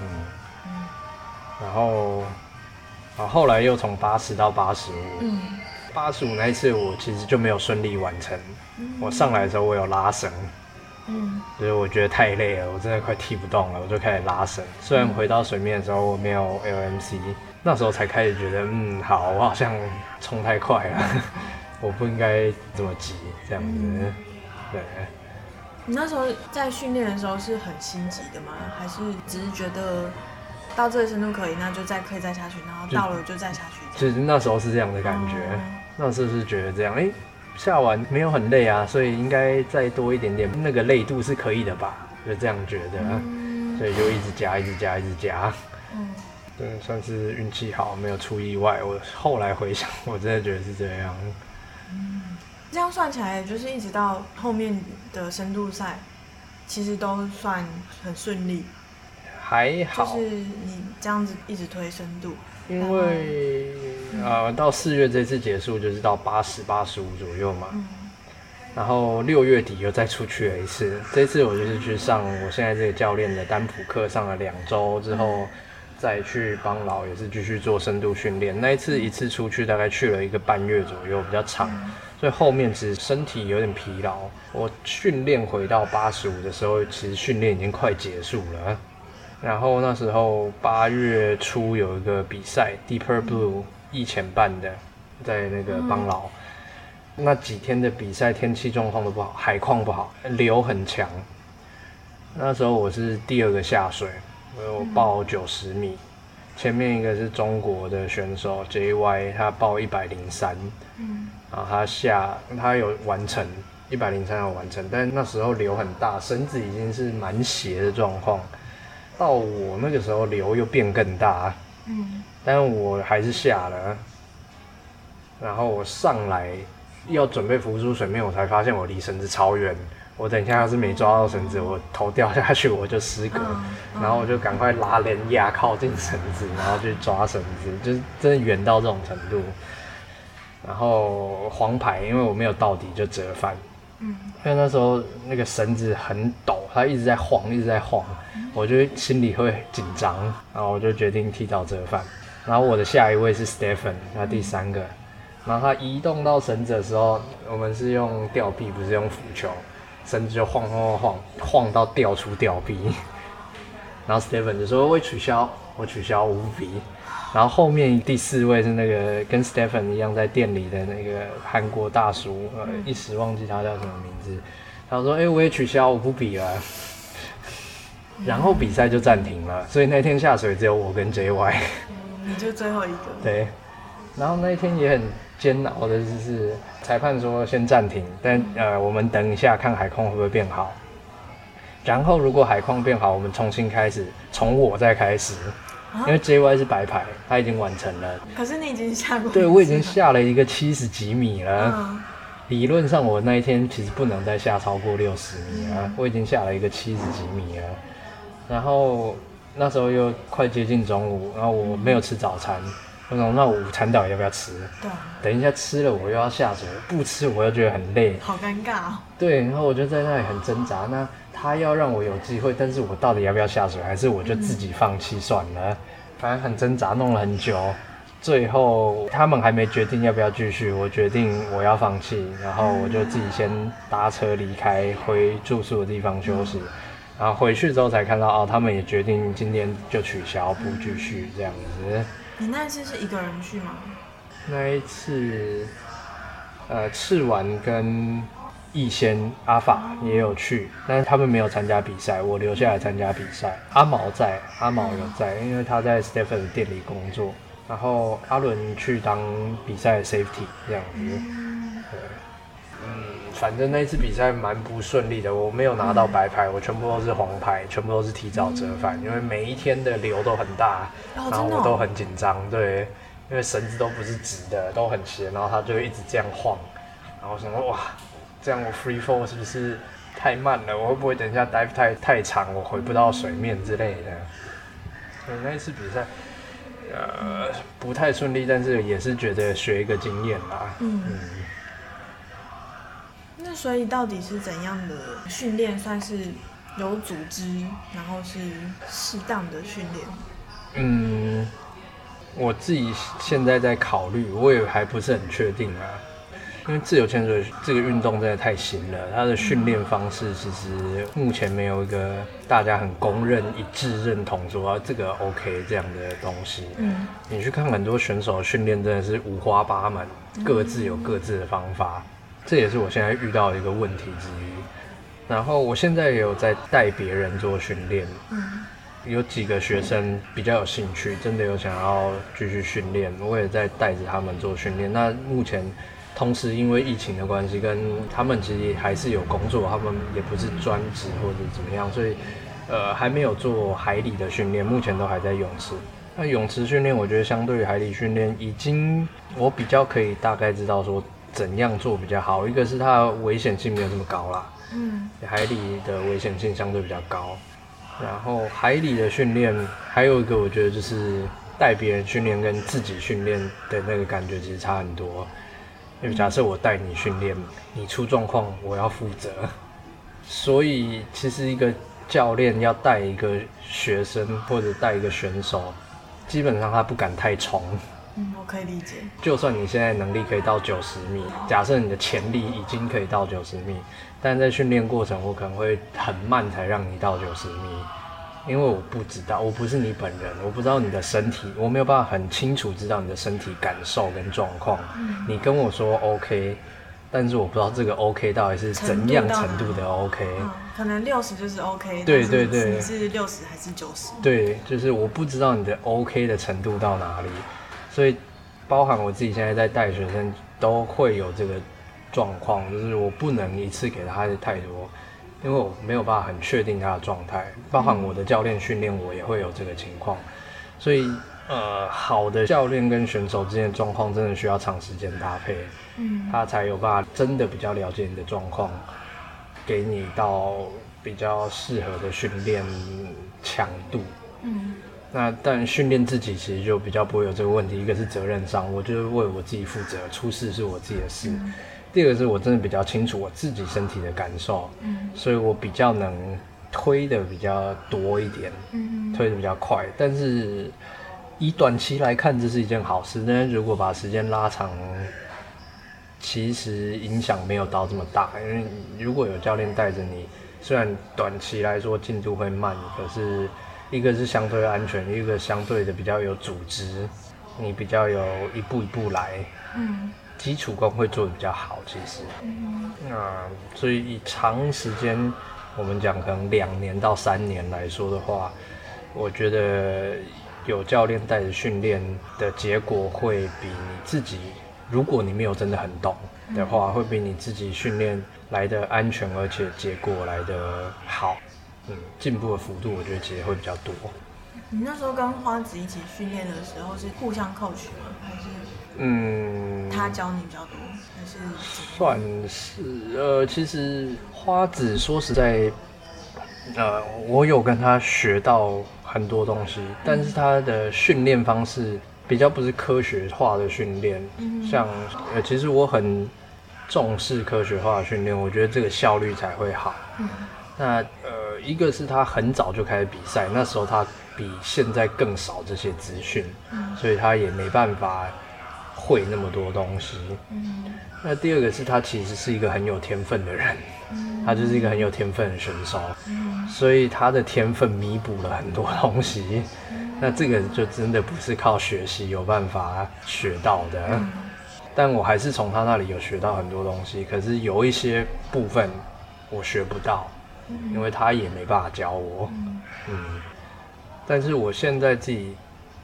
嗯然。然後，啊，後來又從八十到八十五。嗯。八十五那一次，我其實就沒有順利完成。我上來的時候我有拉繩嗯，所以我覺得太累了，我真的快踢不動了，我就開始拉繩。雖然回到水面的時候我沒有 LMC，、嗯、那時候才開始覺得，嗯，好，我好像衝太快了， 我不應該這麼急，這樣子，嗯、對。你那時候在訓練的時候是很心急的嗎？還是只是覺得到這個深度可以，那就再可以再下去，然後到了就再下去？其實那時候是這樣的感覺，嗯、那時候是覺得這樣？欸下完沒有很累啊，所以應該再多一點點，那個累度是可以的吧？就這樣覺得，嗯、所以就一直加，一直加，一直加。嗯，對，算是運氣好，沒有出意外。我後來回想，我真的覺得是這樣。嗯、這樣算起來，就是一直到後面的深度賽，其實都算很順利。還好。就是你這樣子一直推深度，因為。呃，到四月這次結束，就是到八十、八十五左右嘛。嗯、然後六月底又再出去了一次，這次我就是去上我現在這個教練的單蹼課，上了兩週之後、嗯、再去邦勞，也是繼續做深度訓練。那一次一次出去大概去了一個半月左右，比較長，所以後面其實身體有點疲勞。我訓練回到八十五的時候，其實訓練已經快結束了。然後那時候八月初有一個比賽，Deeper Blue、嗯。一前半的，在那個邦勞、嗯、那幾天的比賽，天氣狀況都不好，海況不好，流很強。那時候我是第二個下水，我有報九十米，嗯、前面一個是中國的選手 JY，他報一百零三，嗯，然後他下，他有完成一百零三，有完成，但那時候流很大，繩子已經是蠻斜的狀況。到我那個時候，流又變更大，嗯。但我還是下了，然後我上來要準備浮出水面，我才發現我離繩子超遠。我等一下要是沒抓到繩子，我頭掉下去我就失格。然後我就趕快拉連壓靠近繩子，然後去抓繩子，就是真的遠到這種程度。然後黃牌，因為我沒有到底就折返。嗯，因為那時候那個繩子很抖，它一直在晃，一直在晃，我就心裡會緊張，然後我就決定提早折返。然後我的下一位是 Stefan，他第三個。然後他移動到繩子的時候，我們是用吊臂，不是用浮球，繩子就晃晃晃，晃到掉出吊臂。然後 Stefan 就說我：“我取消，我取消不比。”然後後面第四位是那個跟 Stefan 一樣在店裡的那個韓國大叔，呃，一時忘記他叫什麼名字。他說：“哎、欸，我也取消，我不比了。”然後比賽就暫停了，所以那天下水只有我跟 JY，、嗯、你就最後一個。對，然後那一天也很煎熬的就是，裁判說先暫停，但呃，我們等一下看海況會不會變好。然後如果海況變好，我們重新開始，從我再開始，啊、因為 JY 是白牌，他已經完成了。可是你已經下過，對，我已經下了一個七十幾米了，嗯、理論上我那一天其實不能再下超過六十米了，嗯、我已經下了一個七十幾米了。然後那時候又快接近中午，然後我沒有吃早餐，嗯、我說：‘那我午餐到底要不要吃？對，等一下吃了我又要下水，不吃我又覺得很累，好尷尬、哦。對，然後我就在那裡很掙扎，那他要讓我有機會，但是我到底要不要下水？還是我就自己放棄算了？嗯、反正很掙扎，弄了很久，最後他們還沒決定要不要繼續，我決定我要放棄，然後我就自己先搭車離開回住宿的地方休息。嗯嗯然後回去之後才看到，哦，他們也決定今天就取消，不繼續這樣子。嗯、你那一次是一個人去嗎？那一次，呃，赤丸跟逸仙、阿法也有去，哦、但是他們沒有參加比賽，我留下來參加比賽。阿毛在，嗯、阿毛有在，因為他在 s t e p h a n 店裡工作。然後阿倫去當比賽 safety 這樣子。嗯反正那一次比賽蠻不順利的，我沒有拿到白牌，嗯、我全部都是黃牌，全部都是提早折返，嗯、因為每一天的流都很大，嗯、然後我都很緊張。對，因為繩子都不是直的，都很斜，然後它就一直這樣晃。然後我想說，哇，這樣我 free fall 是不是太慢了？我會不會等一下 dive 太太長，我回不到水面之類的？嗯、所以那一次比賽，呃，不太順利，但是也是覺得學一個經驗吧。嗯。嗯所以到底是怎樣的訓練算是有組織，然後是適當的訓練？嗯，我自己現在在考慮，我也還不是很確定啊。因為自由潛水這個運動真的太新了，它的訓練方式其實目前沒有一個大家很公認、一致認同說這個 OK 這樣的東西。嗯，你去看很多選手的訓練，真的是五花八門，各自有各自的方法。這也是我現在遇到的一個問題之一。然後我現在也有在帶別人做訓練，有幾個學生比較有興趣，真的有想要繼續訓練，我也在帶着他們做訓練。那目前同時因為疫情的關係，跟他們其實還是有工作，他們也不是專職或者怎麼樣，所以呃還沒有做海裡的訓練，目前都還在泳池。那泳池訓練，我覺得相對於海裡訓練，已經我比較可以大概知道說。怎樣做比較好？一個是它危險性沒有這麼高啦，嗯，海裡的危險性相對比較高。然後海裡的訓練，還有一個我覺得就是帶別人訓練跟自己訓練的那個感覺其實差很多。因為、嗯、假設我帶你訓練，你出狀況我要負責。所以其實一個教練要帶一個學生或者帶一個選手，基本上他不敢太衝。嗯、我可以理解，就算你現在能力可以到九十米，假設你的潛力已經可以到九十米，但在訓練過程，我可能會很慢才讓你到九十米，因為我不知道，我不是你本人，我不知道你的身體，我沒有辦法很清楚知道你的身體感受跟狀況。嗯、你跟我說 OK，但是我不知道這個 OK 到底是怎樣程度的 OK。嗯、可能六十就是 OK，對對對，你是六十還是九十？對，就是我不知道你的 OK 的程度到哪裡。所以，包含我自己現在在帶學生，都會有這個狀況，就是我不能一次給他太多，因為我沒有辦法很確定他的狀態。包含我的教練訓練我也會有這個情況，所以呃，好的教練跟選手之間的狀況真的需要長時間搭配，嗯，他才有辦法真的比較了解你的狀況，給你到比較適合的訓練強度。那但訓練自己其實就比較不會有這個問題。一個是責任上，我就是為我自己負責，出事是我自己的事。嗯、第二個是我真的比較清楚我自己身體的感受，嗯、所以我比較能推得比較多一點，嗯、推得比較快。但是以短期來看，這是一件好事。那如果把時間拉長，其實影響沒有到這麼大。因為如果有教練帶着你，雖然短期來說進度會慢，可是。一個是相對安全，一個相對的比較有組織，你比較有一步一步來，嗯，基礎功會做的比較好。其實，嗯、那所以，以長時間，我們講可能兩年到三年來說的話，我覺得有教練帶着訓練的結果會比你自己，如果你沒有真的很懂的話，嗯、會比你自己訓練來的安全，而且結果來的好。嗯、進步的幅度，我覺得其實會比較多。你那時候跟花子一起訓練的時候，是互相 coach 嗎？還是嗯，他教你比較多，還是、嗯、算是呃，其實花子說實在，呃，我有跟他學到很多東西，嗯、但是他的訓練方式比較不是科學化的訓練，嗯、像呃，其實我很重視科學化的訓練，我覺得這個效率才會好。嗯。那呃，一個是他很早就開始比賽，那時候他比現在更少這些資訊，所以他也沒辦法會那麼多東西。那第二個是他其實是一個很有天分的人，他就是一個很有天分的選手，所以他的天分彌補了很多東西。那這個就真的不是靠學習有辦法學到的，但我還是從他那裡有學到很多東西，可是有一些部分我學不到。因為他也沒辦法教我，嗯,嗯，但是我現在自己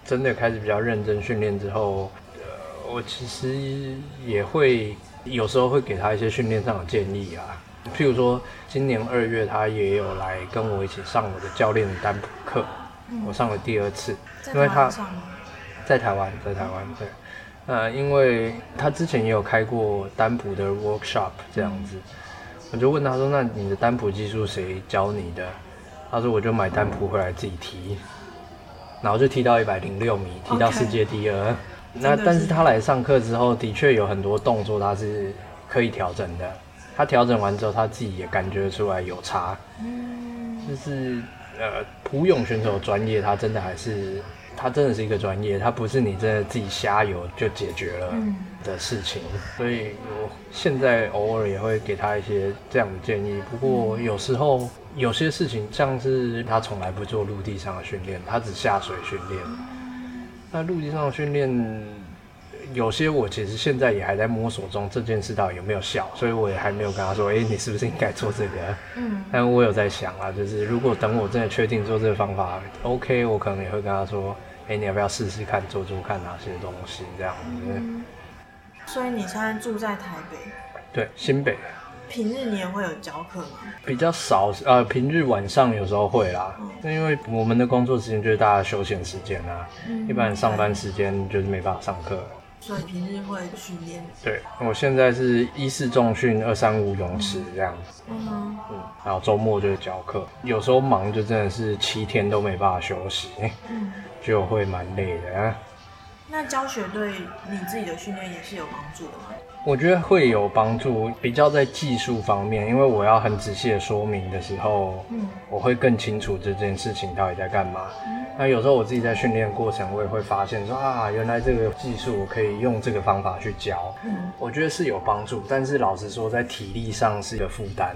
真的開始比較認真訓練之後，呃，我其實也會有時候會給他一些訓練上的建議啊，譬如說今年二月他也有來跟我一起上我的教練的單蹼課，嗯、我上了第二次，在台,因為他在台灣，在台灣，在台灣，在台灣，對，呃，因為他之前也有開過單蹼的 workshop 這樣子。我就問他說：“那你的單蹼技術誰教你的？”他說：“我就買單蹼回來自己踢，然後就踢到一百零六米，踢到世界第二。Okay. 那是但是他來上課之後，的確有很多動作他是可以調整的。他調整完之後，他自己也感覺出來有差。就是呃，蹼泳選手專業，他真的還是。”他真的是一個專業，他不是你真的自己瞎游就解決了的事情。嗯。所以我現在偶爾也會給他一些這樣的建議。不過有時候，嗯。有些事情，像是他從來不做陸地上的訓練，他只下水訓練。嗯。那陸地上的訓練，有些我其實現在也還在摸索中，這件事到底有沒有效，所以我也還沒有跟他說：“誒，你是不是應該做這個？”嗯。但我有在想啊，就是如果等我真的確定做這個方法，OK，我可能也會跟他說。哎、欸，你要不要試試看做做看哪些東西這樣子，嗯。所以你現在住在台北？對，新北。平日你也會有教課嗎？比較少，呃，平日晚上有時候會啦。哦，因為我們的工作時間就是大家休閒時間啊。嗯，一般上班時間就是沒辦法上課。嗯所以平日會訓練，對，我現在是一四重訓，二三五泳池這樣子。嗯，嗯，然後週末就是教課，有時候忙就真的是七天都沒辦法休息，嗯，就會蠻累的啊。那教學對你自己的訓練也是有幫助的嗎？我覺得會有幫助，比較在技術方面，因為我要很仔細的說明的時候，嗯，我會更清楚這件事情到底在幹嘛。嗯，那有時候我自己在訓練過程，我也會發現說啊，原來這個技術我可以用這個方法去教，嗯，我覺得是有幫助。但是老實說，在體力上是一個負擔。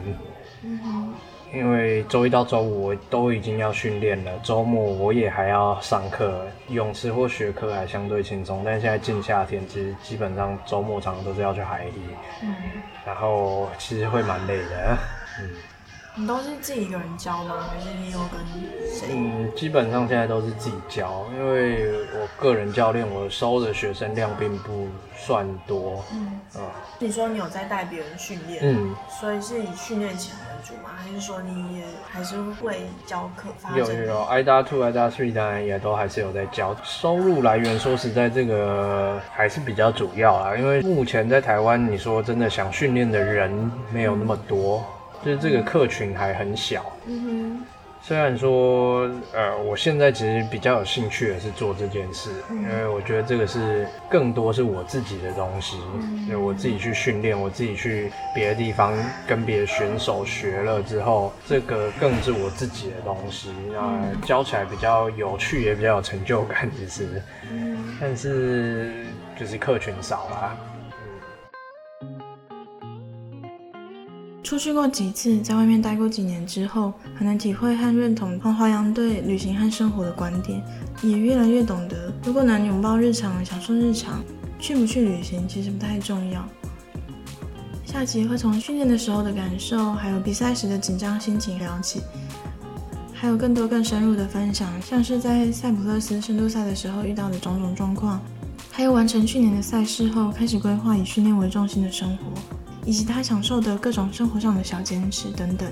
嗯。因為週一到週五我都已經要訓練了，週末我也還要上課。泳池或學科還相對輕鬆，但現在近夏天，其實基本上週末常常都是要去海裡。嗯。然後其實會蠻累的。嗯。你都是自己一個人教嗎？還是你有跟誰？嗯，基本上現在都是自己教，因為我個人教練我收的學生量並不算多。嗯。嗯，你說你有在帶別人訓練。嗯。所以是以訓練前。主還是說你也還是會教課？有有有，AIDA two, AIDA three，當然也都還是有在教。收入來源說實在，這個還是比較主要啦，因為目前在台灣，你說真的想訓練的人沒有那麼多，嗯、就是這個客群還很小。嗯哼。雖然說，呃，我現在其實比較有興趣的是做這件事，因為我覺得這個是更多是我自己的東西，因為我自己去訓練，我自己去別的地方跟別的選手學了之後，這個更是我自己的東西，那、呃、教起來比較有趣，也比較有成就感、就是，其實但是就是客群少啦、啊。出去過幾次，在外面待過幾年之後，很能體會和認同花花羊對旅行和生活的觀點，也越來越懂得，如果能擁抱日常，享受日常，去不去旅行其實不太重要。下集會從訓練的時候的感受，還有比賽時的緊張心情聊起，還有更多更深入的分享，像是在賽普勒斯深度賽的時候遇到的種種狀況，還有完成去年的賽事後，開始規劃以訓練為重心的生活。以及他享受的各種生活上的小兼職等等，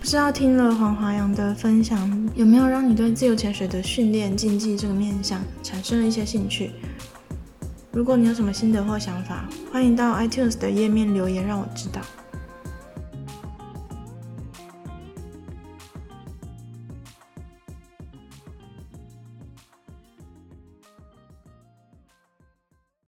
不知道聽了黃華揚的分享，有沒有讓你對自由潛水的訓練競技這個面向產生了一些興趣？如果你有什麼心得或想法，歡迎到 iTunes 的頁面留言，讓我知道。